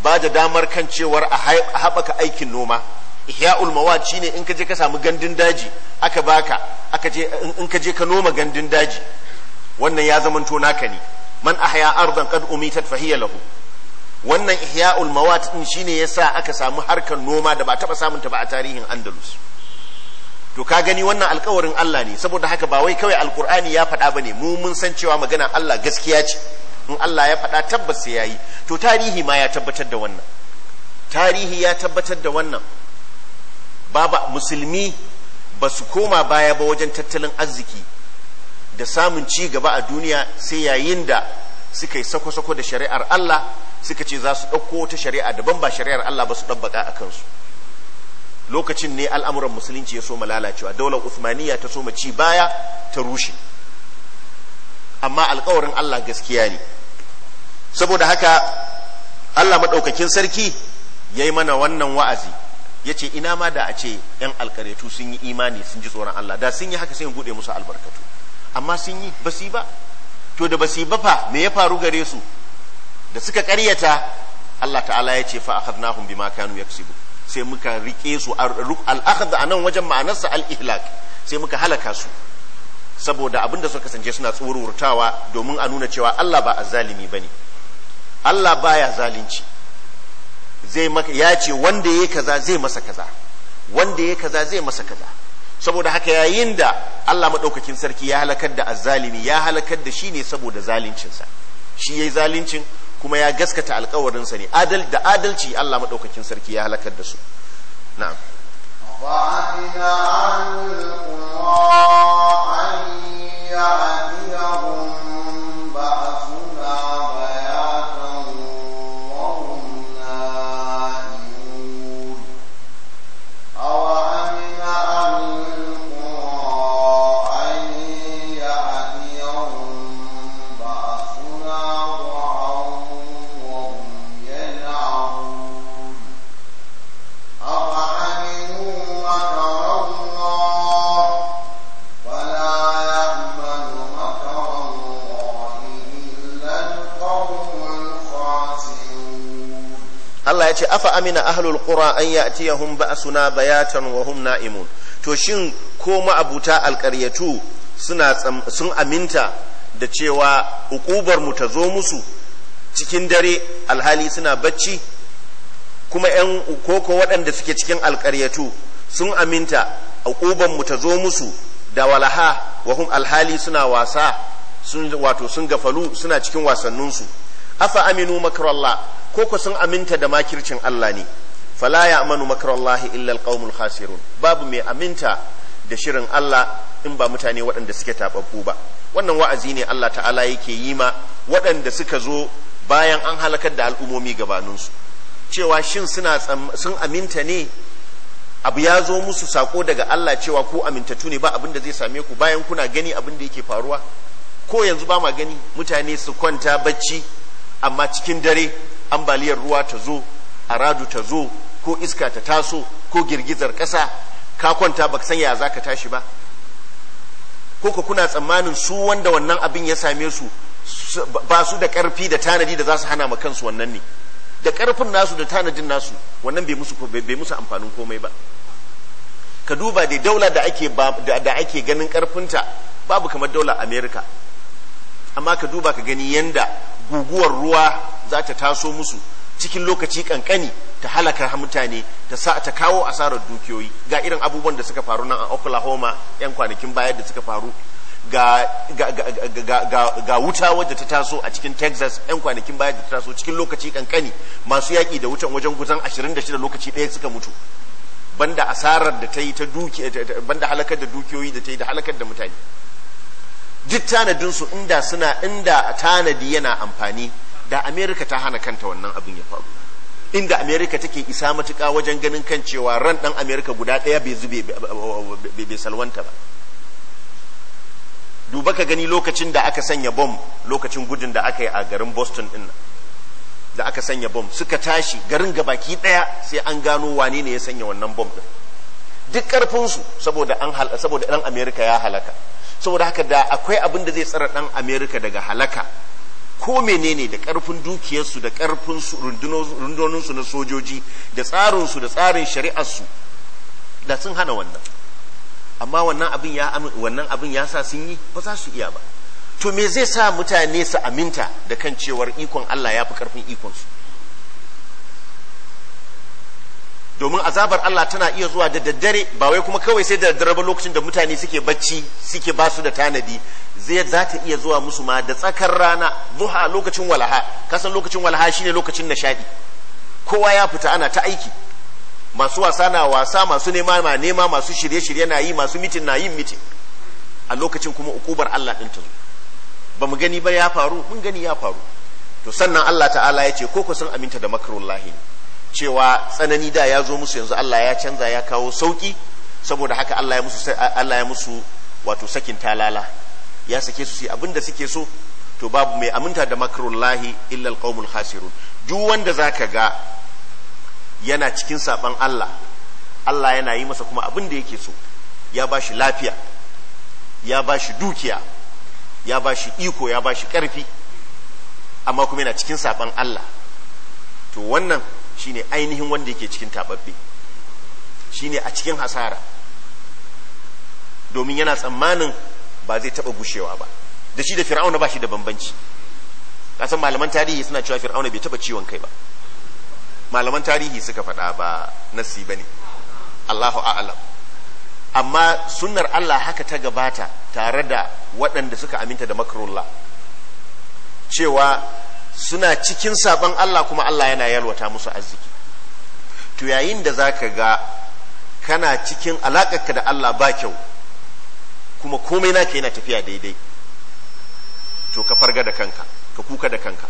ba da damar kan cewar a haɓaka aikin noma ihya'ul mawad shine in ka je ka samu gandun daji aka baka aka je in ka je ka noma gandun daji wannan ya zamanto naka ne man ahya ardan qad umitat fahiya lahu wannan ihya'ul mawat din shine yasa aka samu harkar noma da ba taba samun ta ba a tarihin andalus to ka gani wannan alkawarin Allah ne saboda haka ba wai kawai alkur'ani ya faɗa bane mu mun san cewa magana Allah gaskiya ce in Allah ya faɗa tabbas sai yayi to tarihi ma ya tabbatar da wannan tarihi ya tabbatar da wannan baba musulmi ba su koma baya ba wajen tattalin arziki da samun ci gaba a duniya sai yayin da suka yi sako-sako da shari'ar Allah suka ce za su ɗauko wata shari'a daban ba shari'ar Allah ba su ɗabbaƙa a kansu lokacin ne al'amuran musulunci ya soma lalacewa daular Uthmaniyya ta soma ci baya ta rushe amma alkawarin Allah gaskiya ne saboda haka Allah maɗaukakin sarki ya yi mana wannan wa'azi ya ce ina ma da a ce ‘yan alkaretu sun yi imani sun ji tsoron Allah da sun yi haka sai buɗe musu albarkatu amma sun yi basi ba to da basi ba fa me ya faru gare su da suka karyata Allah ta'ala ya ce fa akhadnahum bima kanu yaksubu sai muka rike su al-akhd anan wajen ma'anarsa al-ihlak sai muka halaka su saboda da suka kasance suna tsururtawa domin a nuna cewa Allah ba azzalimi bane Allah baya zalunci zai maka ya ce wanda yayi kaza zai masa kaza wanda yayi kaza zai masa kaza saboda haka yayin da Allah maɗaukakin sarki ya halakar da azzalimi ya halakar da shi ne saboda zaluncinsa shi ya yi zaluncin kuma ya gaskata alkawarinsa ne adal da adalci Allah maɗaukakin sarki ya halakar da su na'am وعلم an القرآن afa amina ahlul qura an ya'tiyahum ba'suna bayatan wa hum na'imun to shin ko ma'abuta alqaryatu suna sun aminta da cewa uƙubar mu ta zo musu cikin dare alhali suna bacci kuma yan koko waɗanda suke cikin alƙaryatu sun aminta a mu ta zo musu da walaha wa alhali suna wasa wato sun gafalu suna cikin wasanninsu afa aminu makrallah ko ku sun aminta da makircin Allah ne fala ya amanu makrallahi illa alqaumul khasirun babu mai aminta da shirin Allah in ba mutane waɗanda suke tababbu ba wannan wa'azi ne Allah ta'ala yake yi ma waɗanda suka zo bayan an halakar da al'umomi gabaninsu cewa shin suna sun aminta ne abu ya zo musu sako daga Allah cewa ku amintattu ne ba abin da zai same ku bayan kuna gani abin da yake faruwa ko yanzu ba ma gani mutane su kwanta bacci amma cikin dare ambaliyar ruwa ta zo aradu ta zo ko iska ta taso ko girgizar ƙasa ka kwanta baka san ya zaka tashi ba ko ka kuna tsammanin su wanda wannan abin ya same su ba su da ƙarfi da tanadi da za su hana ma kansu wannan ne da ƙarfin nasu da tanadin nasu wannan bai musu amfanin komai ba ka duba da daula da ake ganin ƙarfinta babu kamar daular Amerika amma ka duba ka gani yanda guguwar ruwa za ta taso musu cikin lokaci kankani ta halaka mutane ta sa ta kawo asarar dukiyoyi ga irin abubuwan da suka faru nan a Oklahoma yan kwanakin baya da suka faru ga ga ga ga, ga, ga wuta wadda ta taso a cikin Texas yan kwanakin baya da ta taso cikin lokaci kankani masu yaki da wutan wajen kusan 26 lokaci ɗaya suka mutu banda asarar da ta yi ta duki banda halakar da dukiyoyi da ta yi da halakar da mutane duk tanadinsu inda suna inda tanadi yana amfani da amerika ta hana kanta wannan abin ya faru inda amerika take isa matuka wajen ganin kan cewa ran ɗan amerika guda ɗaya bai zube bai salwanta ba duba ka gani lokacin da aka sanya bom lokacin gudun da aka yi a garin boston ɗin da aka sanya bom suka tashi garin gabaki ɗaya sai an gano wane ne ya sanya wannan bom ɗin duk ƙarfinsu saboda ɗan amerika ya halaka saboda haka da akwai abin da zai tsara ɗan america daga halaka ko menene da karfin dukiyarsu da karfin rundunoninsu na sojoji da tsarinsu da tsarin shari'arsu da sun hana wannan amma wannan abin ya wannan abin ya sa sun yi ba za su iya ba to me zai sa mutane su aminta da kan cewar ikon Allah ya fi karfin ikonsu domin azabar Allah tana iya zuwa da daddare ba wai kuma kawai sai da daddare ba lokacin da mutane suke bacci suke ba su da tanadi zai za ta iya zuwa musu ma da tsakar rana zuha lokacin walaha kasan lokacin walaha shine lokacin nishadi kowa ya fita ana ta aiki masu wasa na wasa masu nema na nema masu shirye-shirye na yi masu mitin na yin mitin a lokacin kuma ukubar Allah din ta zo ba mu gani ba ya faru mun gani ya faru to sannan Allah ta'ala ya ce ko ku san aminta da makrullahi ne cewa tsanani da ya zo musu yanzu Allah ya canza ya kawo sauki saboda haka Allah ya musu Allah ya musu wato sakin talala ya sake su sai abin da suke so to babu mai aminta da makrullahi illa alqaumul khasirun duk wanda zaka ga yana cikin saban Allah Allah yana yi masa kuma abin da yake so ya bashi lafiya ya bashi dukiya ya bashi iko ya bashi karfi amma kuma yana cikin saban Allah to wannan shine ainihin wanda yake cikin taɓaɓɓe shine a cikin hasara domin yana tsammanin ba zai taɓa gushewa ba da shi da fir'auna ba shi da bambanci kasan malaman tarihi suna cewa fir'auna bai taɓa ciwon kai ba malaman tarihi suka faɗa ba nasi ba ne allahu a'alam amma sunnar allah haka ta gabata tare da waɗanda suka aminta da makarullah cewa suna cikin sabon Allah kuma Allah yana yalwata musu arziki to yayin da zaka ga kana cikin alakarka da Allah ba kyau kuma komai naka yana tafiya daidai to ka farga da kanka ka kuka da kanka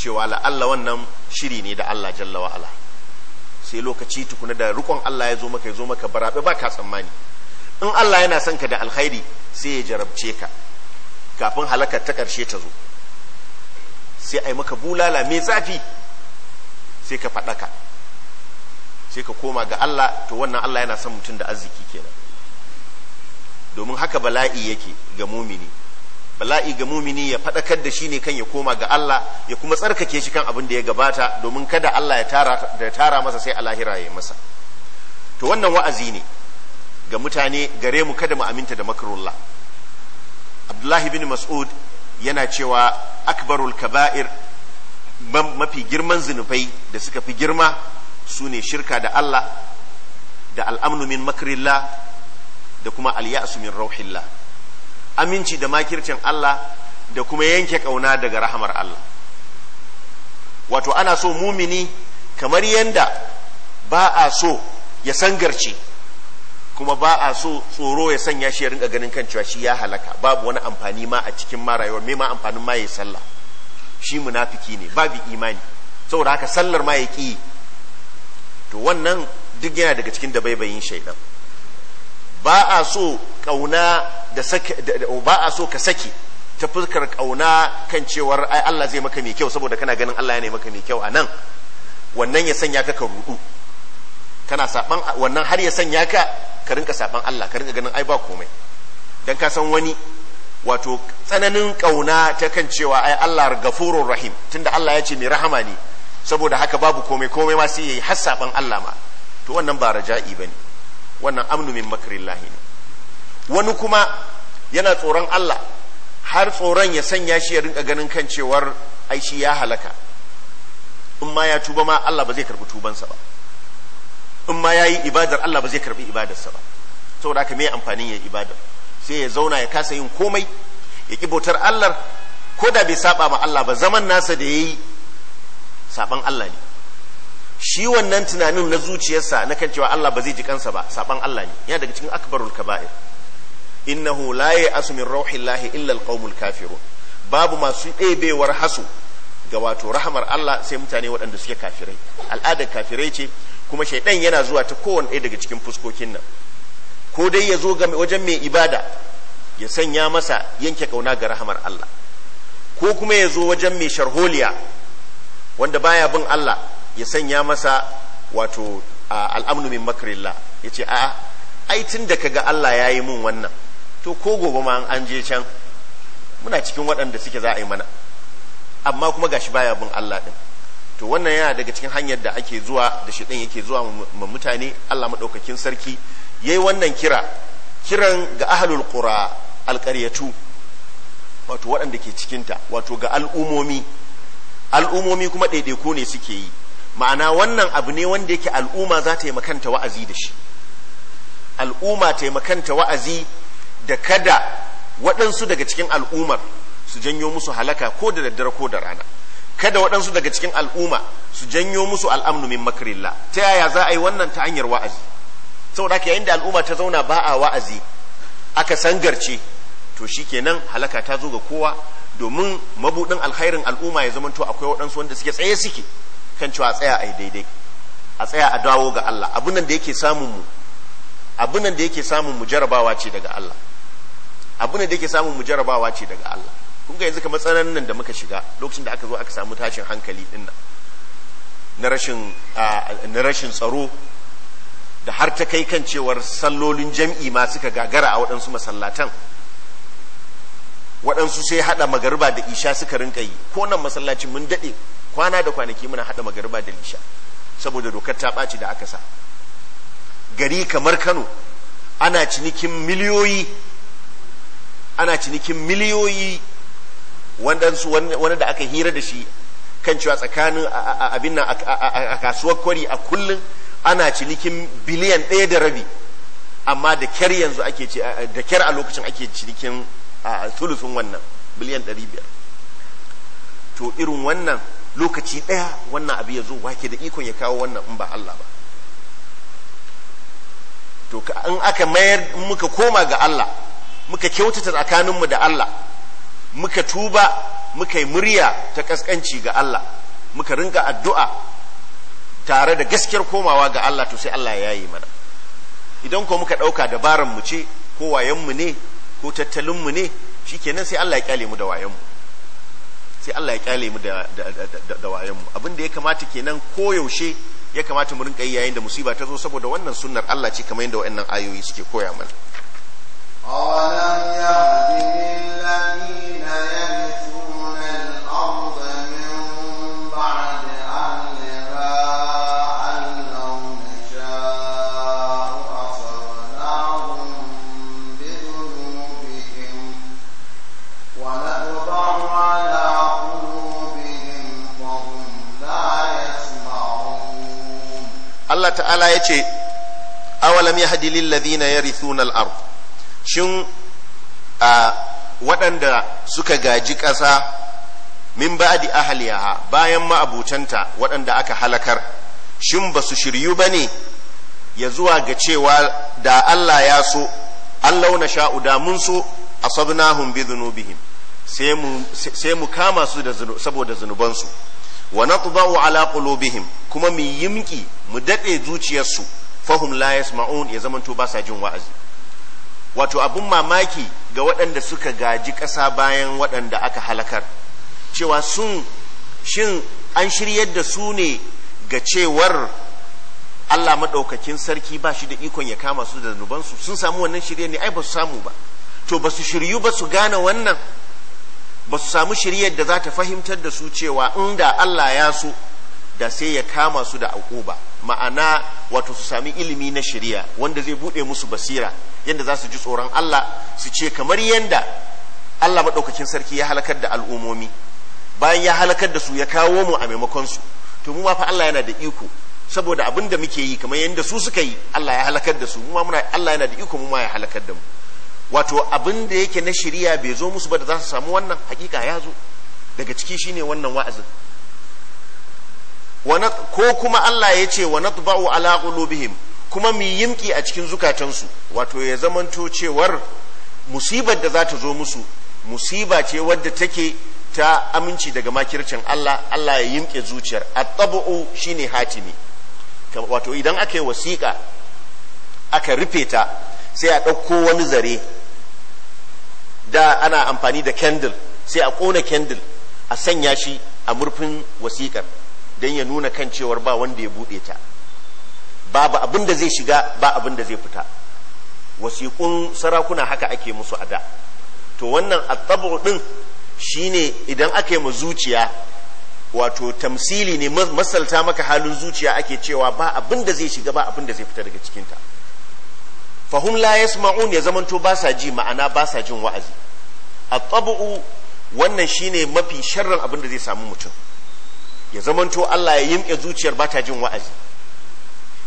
cewa la'alla wannan shiri ne da Allah jalla Ala. sai lokaci tukuna da rukon Allah ya zo maka ya zo maka barabe ba ka tsammani in Allah yana son ka da alkhairi sai ya jarabce ka kafin halakar ta ƙarshe ta zo sai a yi maka bulala mai zafi sai ka faɗaka sai ka koma ga Allah to wannan Allah yana son mutum da arziki kenan domin haka bala'i yake ga mumini bala'i ga mumini ya faɗakar da shi ne kan ya koma ga Allah ya kuma tsarkake shi kan abin da ya gabata domin kada Allah ya tara, da tara masa sai alahira ya masa to wannan wa'azi ne ga mutane gare mu kada mu aminta da makarullah abdullahi bin mas'ud yana cewa akbarul kaba'ir mafi girman zunufai da suka fi girma su ne shirka da Allah da al'amnu min makarilla da kuma alya'su min rauhillah aminci da makircin Allah da kuma yanke ƙauna daga rahamar Allah wato ana so mumini kamar yanda ba a so ya sangarce kuma ba a so tsoro ya sanya shi ya rinka ganin kan cewa shi ya halaka babu wani amfani ma a cikin ma rayuwar me ma amfanin ma ya sallah shi munafiki ne babu imani saboda haka sallar ma ya ki to wannan duk yana daga cikin dabaibayin shaidan ba a so kauna da sake ba a so ka sake ta fuskar kauna kan cewar ai Allah zai maka mai kyau saboda kana ganin Allah yana maka mai kyau a nan wannan ya sanya ka ka rudu kana saban wannan har ya sanya ka ka rinka saban Allah ka rinka ganin ai ba komai dan ka san wani wato tsananin kauna ta kan cewa ai Allah gafurur rahim tunda Allah ya ce mai rahama ne saboda haka babu komai komai ma sai yayi har saban Allah ma to wannan ba raja'i bane wannan amnu min makrillahi ne wani kuma yana tsoron Allah har tsoron ya sanya shi ya rinka ganin kan cewar ai shi ya halaka in ma ya tuba ma Allah ba zai karbi tubansa ba in ma ya yi ibadar Allah ba zai karbi ibadarsa ba saboda haka me amfanin ya ibadar sai ya zauna ya kasa yin komai ya ki bautar Allah ko da bai saba ma Allah ba zaman nasa da yayi saban Allah ne shi wannan tunanin na zuciyarsa na kan cewa Allah ba zai ji kansa ba saban Allah ne yana daga cikin akbarul kaba'ir innahu la ya'asu min rauhillahi illa alqaumul kafirun babu masu ɗebewar hasu ga wato rahamar Allah sai mutane waɗanda suke kafirai al'adar kafirai ce kuma shaidan yana zuwa ta kowane ɗaya daga cikin fuskokin nan ko dai ya zo wajen mai ibada ya sanya masa yanke kauna ga rahamar Allah ko kuma ya zo wajen mai sharholiya wanda baya bin Allah ya sanya masa wato al'amnu min makrilla ya ce a ai tun da kaga Allah ya yi mun wannan to ko gobe ma an je can muna cikin waɗanda suke za a yi mana amma kuma gashi baya bin Allah din to wannan yana daga cikin hanyar da ake zuwa da shaidan yake zuwa ma mutane Allah madaukakin sarki yayi wannan kira kiran ga ahlul qura alqaryatu wato waɗanda ke cikinta wato ga al'umomi al'umomi kuma ɗaiɗaiku ne suke yi ma'ana wannan abu ne wanda yake al'umma za ta yi makanta wa'azi da shi al'umma ta yi makanta wa'azi da kada waɗansu daga cikin al'ummar su janyo musu halaka ko da daddare ko da rana kada waɗansu daga cikin al'umma su janyo musu al'amnu min makrilla ta yaya za a yi wannan ta hanyar wa'azi saboda haka yayin da al'umma ta zauna ba a wa'azi aka sangarce to shi shikenan halaka ta zo ga kowa domin mabudin alkhairin al'umma ya zama, to akwai waɗansu wanda suke tsaye suke kan cewa a tsaya a daidai a tsaya a dawo ga Allah abun da yake samun mu abun da yake samun mu ce daga Allah abun nan da yake samun mu jarabawa ce daga Allah kun ga yanzu kamar tsanan nan da muka shiga lokacin da aka zo aka samu tashin hankali din na rashin na rashin tsaro da har ta kai kan cewar sallolin jam'i ma suka gagara a waɗansu masallatan waɗansu sai haɗa magariba da isha suka rinka yi ko nan masallacin mun daɗe kwana da kwanaki muna haɗa magariba da isha saboda dokar ta ɓaci da aka sa gari kamar kano ana cinikin miliyoyi ana cinikin miliyoyi wani da aka hira da shi kan cewa tsakanin abin nan a kasuwar kwari a kullum ana cinikin biliyan ɗaya da rabi amma da kyar yanzu ake ce da kyar a lokacin ake cinikin sulufin wannan biliyan ɗari biyar to irin wannan lokaci ɗaya wannan abu ya zo wake da ikon ya kawo wannan in ba Allah ba to in aka mayar muka koma ga Allah muka kyautata tsakaninmu da Allah muka tuba muka yi murya ta kaskanci ga Allah muka ringa addu'a tare da gaskiyar komawa ga Allah to sai Allah ya yi mana idan ko muka ɗauka dabaran mu ce ko wayanmu ne ko tattalinmu ne shi kenan sai Allah ya kyale mu da wayanmu sai Allah ya kyale mu da da wayanmu abin da ya kamata kenan koyaushe ya kamata mu rinka yi yayin da musiba ta zo saboda wannan sunnar Allah ce kamar yadda wa'annan ayoyi suke koya mana Allah ta'ala ya ce awalam ya hadi lillazina yarithuna al-ard shin a waɗanda suka gaji ƙasa min ba di ahaliyaha bayan ma'abutanta waɗanda aka halakar shin ba su shiryu ba ne ya zuwa ga cewa da Allah ya so an launa sha'u da mun so asabnahum bi zunubihim sai mu kama su saboda zunubansu wa natba'u ala qulubihim kuma mu yimki mu daɗe zuciyarsu fahum la yasma'un ya zamanto ba sa jin wa'azi wato abun mamaki ga waɗanda suka gaji ƙasa bayan waɗanda aka halakar cewa sun shin an shiryar da su ne ga cewar Allah maɗaukakin sarki ba shi da ikon ya kama su da zunubansu sun samu wannan shirye ne ai ba su samu ba to ba su shiryu ba su gane wannan ba su samu shiryar da za ta fahimtar da su cewa inda Allah ya so da sai ya kama su da auku ba ma'ana wato su sami ilimi na shirya wanda zai buɗe musu basira yadda za su ji tsoron Allah su ce kamar yadda Allah maɗaukakin sarki ya halakar da al'ummomi bayan ya halakar da su ya kawo mu a maimakon su to mu ma fa Allah yana da iko saboda abin da muke yi kamar yadda su suka yi Allah ya halakar da su mu ma muna Allah yana da iko mu ma ya halakar da mu wato abin da yake na shiriya bai zo musu ba da za su samu wannan hakika ya zo daga ciki shine wannan wa'azin ko kuma Allah ya ce wa natba'u ala qulubihim kuma mu yimki a cikin zukatansu wato ya zamanto cewar musibar da za ta zo musu musiba ce wadda take ta aminci daga makircin Allah Allah ya yimke zuciyar at-tabu shine hatimi wato idan aka yi wasiƙa aka rufe ta sai a ɗauko wani zare da ana amfani da candle sai a ƙona candle a sanya shi a murfin wasiƙar don ya nuna kan cewar ba wanda ya buɗe ta babu abin da zai shiga ba abin da zai fita wasiƙun sarakuna haka ake musu a ada to wannan attabu din shine idan aka yi mu zuciya wato tamsili ne masalta maka halin zuciya ake cewa ba abin da zai shiga ba abin da zai fita daga cikinta Fahim la yasma'un ya zamanto ba sa ji ma'ana ba sa jin wa'azi attabu wannan shine mafi sharrin abin da zai samu mutum ya zamanto Allah ya yimke zuciyar ba ta jin wa'azi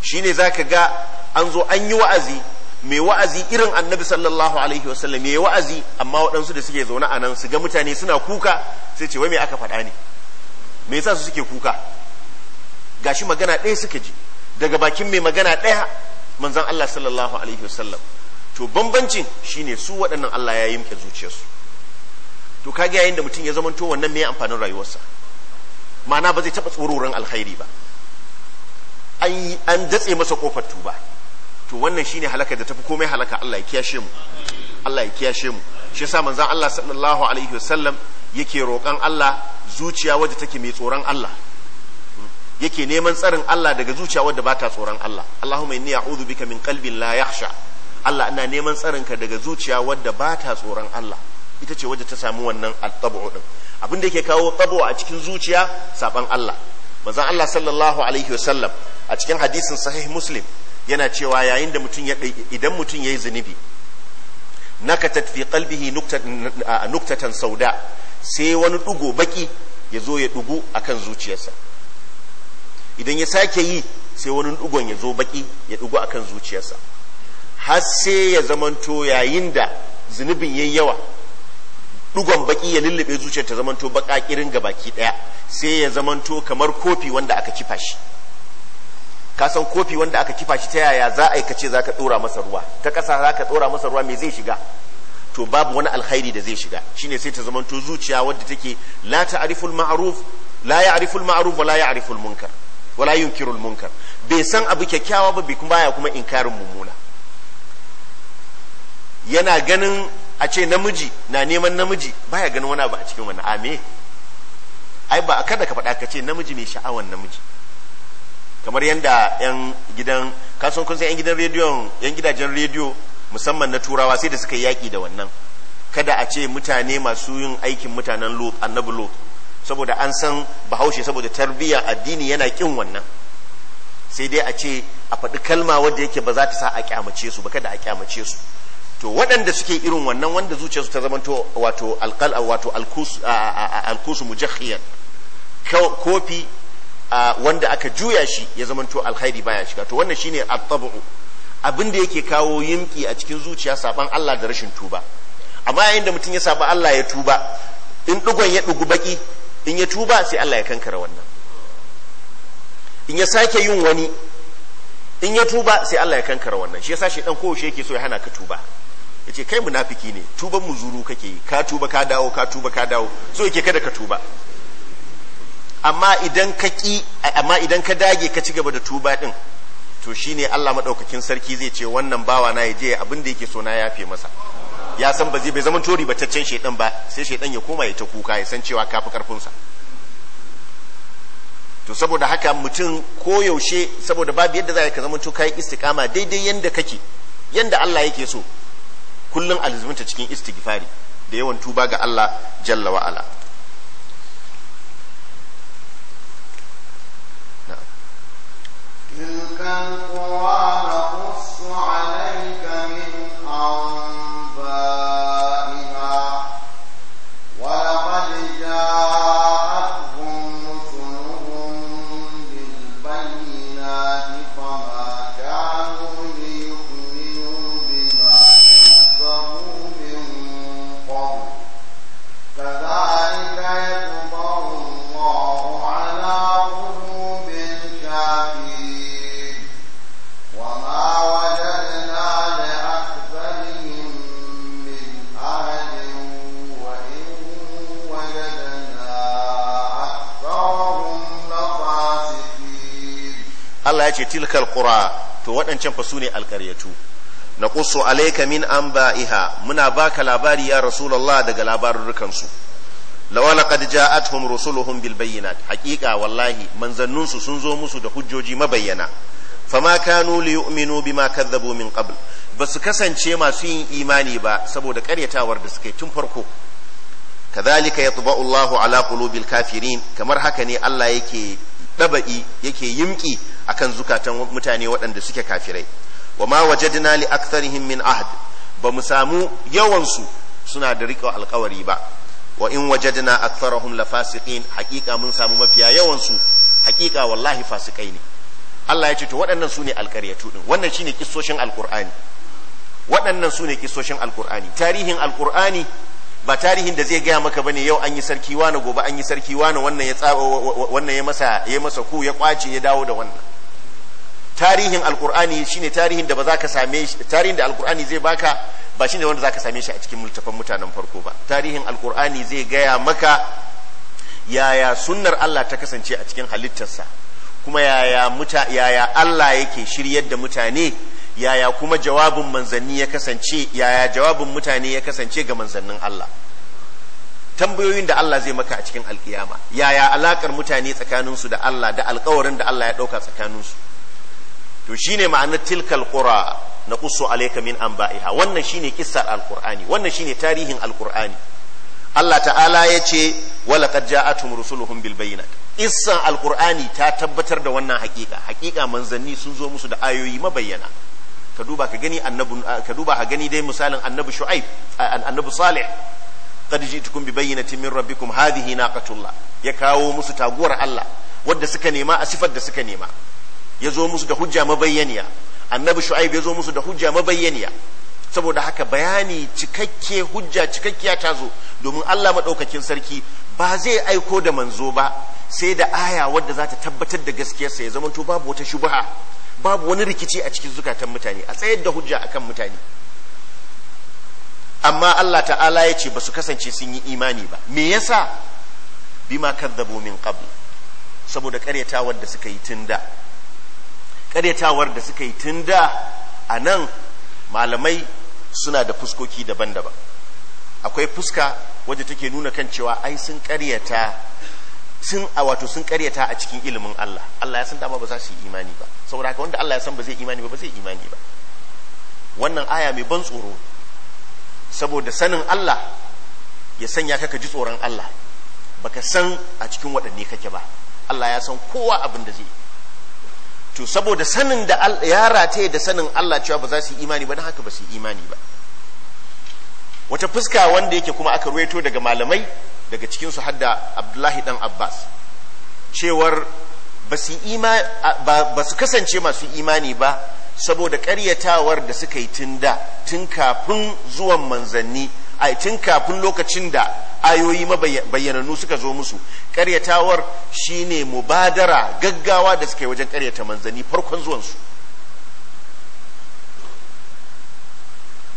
shine ka ga an zo an yi wa'azi mai wa'azi irin annabi sallallahu alaihi wasallam mai wa'azi amma waɗansu da suke zaune a nan su ga mutane suna kuka sai ce wai me aka faɗa ne me yasa su suke kuka gashi magana ɗaya suka ji daga bakin mai magana ɗaya manzon Allah sallallahu alaihi wasallam to bambancin shine su waɗannan Allah ya yimke zuciyarsu to kage yayin da mutum ya zamanto wannan me amfanin rayuwarsa ma'ana ba zai taɓa tsororin alkhairi ba an datse masa kofar tuba to wannan shine halaka da tafi komai halaka Allah ya kiyashe mu Allah ya kiyashe mu shi yasa manzon Allah sallallahu alaihi wasallam yake roƙan Allah zuciya wadda take mai tsoron Allah yake neman tsarin Allah daga zuciya wadda ba ta tsoron Allah Allahumma inni a'udhu bika min qalbin la yakhsha Allah ina neman tsarin ka daga zuciya wadda ba ta tsoron Allah ita ce wadda ta samu wannan al-tab'u din abin da yake kawo tabo a cikin zuciya saban Allah manzon Allah sallallahu alaihi wasallam a cikin hadisin sahih muslim yana cewa yayin da mutum idan mutum yayi zunubi nakatat fi qalbihi nuktatan sauda sai wani dugo baki ya zo ya dugu akan zuciyarsa idan ya sake yi sai wani dugon ya zo baki ya dugu akan zuciyarsa har sai ya zamanto yayin da zunubin yayi yawa dugon baki ya lullube zuciyar ta zamanto baka kirin ga baki daya sai ya zamanto kamar kofi wanda aka kifa shi ka san kofi wanda aka kifa shi ta yaya za a yi kace zaka dora masa ruwa ta kasa zaka dora masa ruwa me zai shiga to babu wani alkhairi da zai shiga shine sai ta zamanto zuciya wadda take la ta'riful ma'ruf la ya'riful ma'ruf wa la ya'riful munkar wala yunkirul munkar bai san abu kyakkyawa ba bai kuma ya kuma inkarin mummuna yana ganin a ce namiji na neman namiji baya ganin wani abu a cikin wani ame ai ba kada ka faɗa ka ce namiji mai sha'awan namiji kamar yadda yan gidan kasan kun san yan gidan rediyon yan gidajen rediyo musamman na turawa sai da suka yaƙi da wannan kada a ce mutane masu yin aikin mutanen lot annabi lot saboda an san bahaushe saboda tarbiyyar addini yana kin wannan sai dai a ce a faɗi kalma wadda yake ba za ta sa a kyamace su ba kada a kyamace su to waɗanda suke irin wannan wanda zuciyarsu ta zamanto wato alqal wato mujahhiyan kofi wanda aka juya shi ya zamanto alkhairi baya shiga to wannan shine at-tab'u abin da yake kawo yimki a cikin zuciya saban Allah da rashin tuba amma yayin da mutum ya saba Allah ya tuba in dugon ya dugu baki in ya tuba sai Allah ya kankara wannan in ya sake yin wani in ya tuba sai Allah ya kankara wannan shi yasa shi dan kowace yake so ya hana ka tuba yace kai munafiki ne tuban mu zuru kake yi ka tuba ka dawo ka tuba ka dawo so yake kada ka tuba amma idan ka ki amma idan ka dage ka ci gaba da tuba din to shine Allah madaukakin sarki zai ce wannan bawa na yaje abin da yake so na yafe masa ya san ba zai bai zama tori bataccen shedan ba sai shedan ya koma ya ta kuka ya san cewa kafi karfin sa to saboda haka mutum ko yaushe saboda babu yadda za ka zama to kai istiqama daidai yanda kake yanda Allah yake so kullum alizminta cikin istighfari da yawan tuba ga Allah jalla wa ala تلك القرى نقص عليك من أنباء Allah ya ce tilkal qura to waɗancan fa sune alƙaryatu na qussu alayka min anba'iha muna baka labari ya rasulullah daga labarurrukan su law laqad ja'atuhum rusuluhum bil bayyinat haqiqa wallahi manzannun su sun zo musu da hujjoji mabayyana fama kanu li yu'minu bima kadzabu min qabl basu kasance masu yin imani ba saboda karyatawar da suka yi tun farko kadhalika yatba'u Allahu ala qulubil kafirin kamar haka ne Allah yake daba'i yake yimki akan zukatan mutane waɗanda suke kafirai wa ma wajadna li aktharihim min ahd ba mu samu yawan suna da riƙo alƙawari ba wa in wajadna aktharahum la fasiqin haƙiƙa mun samu mafiya yawan haƙiƙa wallahi fasikai ne Allah ya ce to waɗannan su ne alƙaryatu din wannan shine kissoshin alƙur'ani waɗannan su ne kissoshin alƙur'ani tarihin alƙur'ani ba tarihin da zai gaya maka bane yau an yi sarki wani gobe an yi sarki wani wannan ya wannan ya masa ya masa ku ya kwace ya dawo da wannan tarihin alkur'ani shine tarihin da ba za ka same shi tarihin da alkur'ani zai baka ba shine wanda za ka same shi a cikin multafan mutanen farko ba tarihin alkur'ani zai gaya maka yaya sunnar Allah ta kasance a cikin halittarsa kuma yaya muta yaya Allah yake shiryar da mutane yaya kuma jawabin manzanni ya kasance yaya jawabin mutane ya kasance ga manzannin Allah tambayoyin da Allah zai maka a cikin alkiyama yaya alakar mutane tsakaninsu da Allah da alkawarin da Allah ya ɗauka tsakaninsu to shine ma'anar tilkal qura naqussu alayka min anba'iha wannan shine kissar alqur'ani wannan shine tarihin alqur'ani Allah ta'ala ya ce wala qad ja'atuhum rusuluhum bil bayyinat issan alqur'ani ta tabbatar da wannan hakika hakika manzanni sun zo musu da ayoyi mabayyana ka duba ka gani annabi ka duba ka gani dai misalin annabi shu'aib annabi salih qad ji'tukum bi bayyinatin min rabbikum hadhihi naqatullah ya kawo musu taguwar Allah wadda suka nema a sifar da suka nema ya zo musu da hujja mabayyaniya annabi shu'aib ya zo musu da hujja mabayyaniya saboda haka bayani cikakke hujja cikakkiya ta zo domin Allah maɗaukakin sarki ba zai aiko da manzo ba sai da aya wadda za ta tabbatar da gaskiyarsa ya to babu wata shubaha babu wani rikici a cikin zukatan mutane a tsayar da hujja akan mutane amma Allah ta'ala ya ce ba su kasance sun yi imani ba me yasa bima kadzabu min qabl saboda karyata wadda suka yi tunda ƙaryatawar da suka yi tun da a nan malamai suna da fuskoki daban-daban akwai fuska wadda take nuna kan cewa ai sun karyata sun a wato sun karyata a cikin ilimin Allah Allah ya san dama ba za su yi imani ba saboda haka wanda Allah ya san ba zai imani ba ba zai imani ba wannan aya mai ban tsoro saboda sanin Allah ya sanya ka ji tsoron Allah baka san a cikin waɗanne kake ba Allah ya san kowa abin da zai to saboda sanin da ya rataye da sanin Allah cewa ba za su yi imani ba na haka ba su yi imani ba wata fuska wanda yake kuma aka ruwaito daga malamai daga cikinsu hadda abdullahi dan abbas cewar ba su kasance masu imani ba saboda ƙaryatawar da suka yi tun da tun kafin zuwan manzanni a tun kafin lokacin da ayoyi mabayyanannu suka zo musu karyatawar shine mubadara gaggawa da suke wajen karyata manzanni farkon zuwansu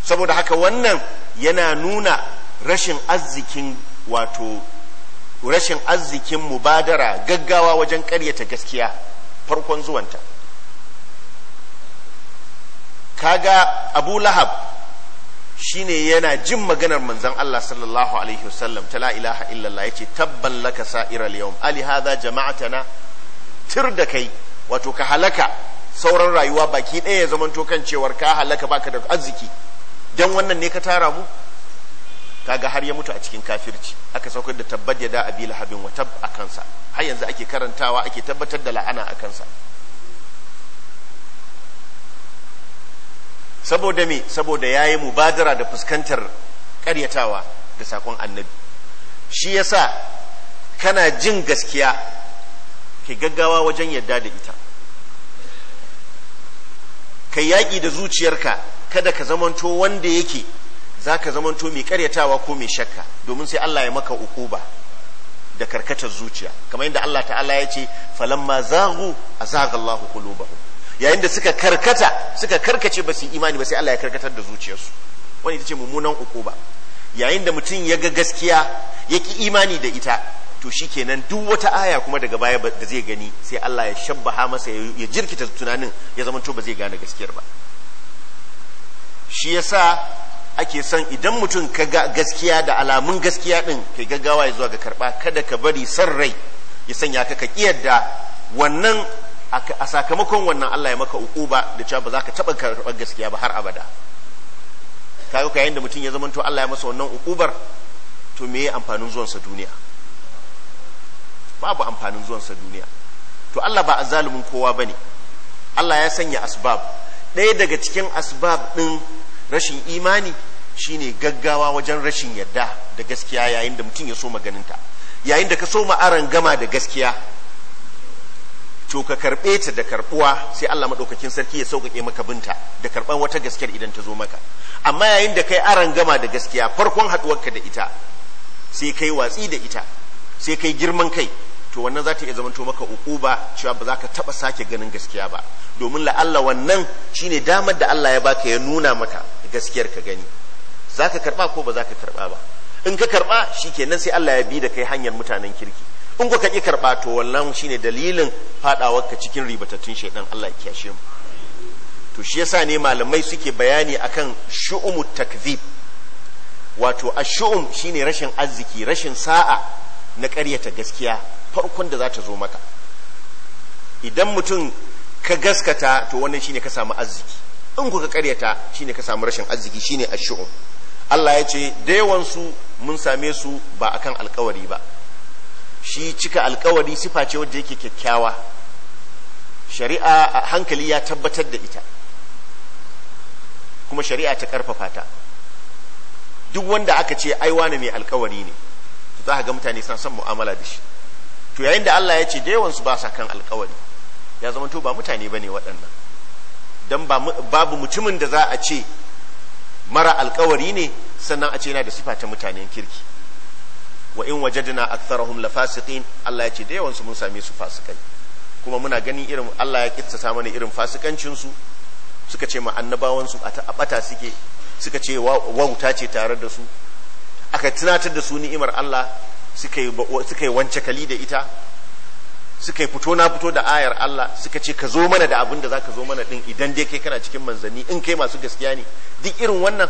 saboda haka wannan yana nuna rashin arzikin wato rashin arzikin mubadara gaggawa wajen karyata gaskiya farkon zuwanta kaga abu lahab shine yana jin maganar manzon Allah sallallahu alaihi wasallam ta la ilaha illallah yace tabban laka sa'iral yawm ali hadha jama'atana tir da kai wato ka halaka sauran rayuwa baki ɗaya ya zamanto kan cewar ka halaka baka da arziki dan wannan ne ka tara mu kaga har ya mutu a cikin kafirci aka saukar da tabbat da abi lahabin wa tab akansa har yanzu ake karantawa ake tabbatar da la'ana akansa saboda me saboda ya yi mubadara da fuskantar karyatawa da sakon annabi shi yasa kana jin gaskiya ke gaggawa wajen yadda da ita kai yaƙi da zuciyarka kada ka zamanto wanda yake za ka zamanto mai karyatawa ko mai shakka domin sai Allah ya maka ukuba da karkatar zuciya kamar yadda Allah ta'ala ya ce falamma zahu a zagallahu qulubahum yayin da suka karkata suka karkace ba su imani ba sai Allah ya karkatar da zuciyarsu wani ita ce mummunan ba yayin da mutum ya ga gaskiya ya ki imani da ita to shi shikenan duk wata aya kuma daga baya da zai gani sai Allah ya shabbaha masa ya jirkita tunanin ya zama to ba zai gane gaskiyar ba shi yasa ake son idan mutum ka ga gaskiya da alamun gaskiya din kai gaggawa ya zuwa ga karba kada ka bari san rai ya sanya ka ka kiyarda wannan a sakamakon wannan Allah ya maka uquba da cewa ba za ka taba karɓar gaskiya ba har abada yi kayan da mutum ya zamanto Allah ya masa wannan uqubar to me ya amfanin zuwansa duniya babu amfanin zuwansa duniya to Allah ba zalimin kowa ba ne. Allah ya sanya asbab ɗaya daga cikin asbab ɗin rashin imani shine gaggawa wajen rashin yadda da gaskiya yayin da mutum ya so maganinta yayin da ka so ma'aran gama da gaskiya to ka karɓe ta da karɓuwa sai Allah maɗaukakin sarki ya sauƙaƙe maka binta da karɓar wata gaskiyar idan ta zo maka amma yayin da kai aran gama da gaskiya farkon ka da ita sai kai watsi da ita sai kai girman kai to wannan za ta iya zamanto maka uquba cewa ba za ka taɓa sake ganin gaskiya ba domin la'alla wannan shine damar da Allah ya baka ya nuna maka gaskiyar ka gani za ka karɓa ko ba za ka karɓa ba in ka karɓa shikenan sai Allah ya bi da kai hanyar mutanen kirki in ko ka ki karba to wannan shine dalilin fadawar ka cikin ribatattun shaidan Allah ya kiyashe mu to shi yasa ne malamai suke bayani akan shu'umu takzib wato ash-shu'um shine rashin arziki rashin sa'a na ƙaryata gaskiya farkon da za ta zo maka idan mutum ka gaskata to wannan shine ka samu arziki in ko ka karyata shine ka samu rashin arziki shine ash-shu'um Allah ya ce da yawansu mun same su ba akan alkawari ba shi cika alkawari sifa ce wadda yake kyakkyawa shari'a a hankali ya tabbatar da ita kuma shari'a ta karfafa ta duk wanda aka ce aiwana mai alkawari ne to za ka ga mutane suna son mu'amala da shi to yayin da Allah ya ce da su ba sa kan alkawari ya zama to ba mutane ba ne waɗannan don babu mutumin da za a ce mara alkawari ne sannan a ce yana da sifa ta mutanen kirki wa in wajadna aktharahum lafasiqin Allah ya ce da su mun same su fasikai kuma muna ganin irin Allah ya kitsata mana irin fasikancin su suka ce ma annabawan su a bata suke suka ce wauta ce tare da su aka tunatar da su ni'imar Allah suka yi suka yi wance kali da ita suka yi fito na fito da ayar Allah suka ce ka zo mana da abin da zaka zo mana din idan dai kai kana cikin manzanni in kai masu gaskiya ne duk irin wannan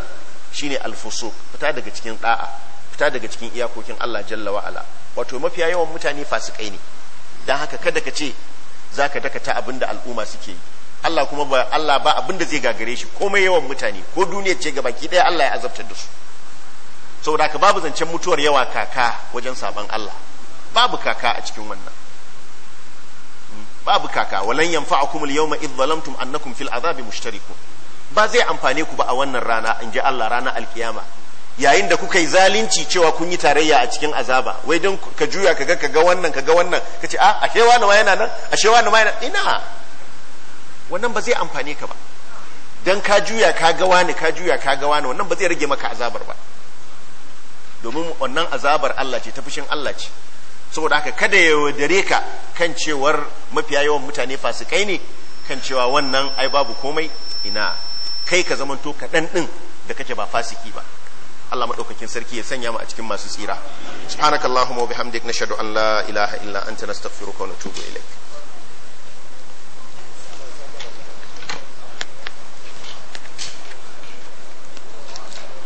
shine alfusuk fita daga cikin da'a fita daga cikin iyakokin Allah jalla wa ala wato mafiya yawan mutane fasikai ne dan haka kada ka ce zaka dakata abinda al'umma suke yi Allah kuma ba Allah ba abinda zai gagare shi komai yawan mutane ko duniya ce gabaki daya Allah ya azabtar da su saboda ka babu zancen mutuwar yawa kaka wajen saban Allah babu kaka a cikin wannan hmm, babu kaka walan yanfa'akum al-yawma idh zalamtum annakum fil azabi mushtarikun ba zai amfane ku ba a wannan rana in ji Allah rana alkiyama yayin da kuka yi zalunci cewa kun yi tarayya a cikin azaba wai don ka juya ka ga ka ga wannan ka ga wannan ka ce a ah, ashe wani ma yana nan ashe wani ma yana ina wannan ba zai amfane ka ba dan ka juya ka ga wani ka juya ka ga wani wannan ba zai rage maka azabar ba domin wannan azabar Allah ce ta fushin Allah ce saboda haka kada ya wadare ka kan cewar mafiya yawan mutane fasikai ne kan cewa wannan ai babu komai ina kai ka zamanto dan din da kake ba fasiki ba Allah madaukakin sarki ya sanya mu a cikin masu tsira subhanakallahumma wa bihamdik nashhadu an la ilaha illa anta nastaghfiruka wa natubu ilaik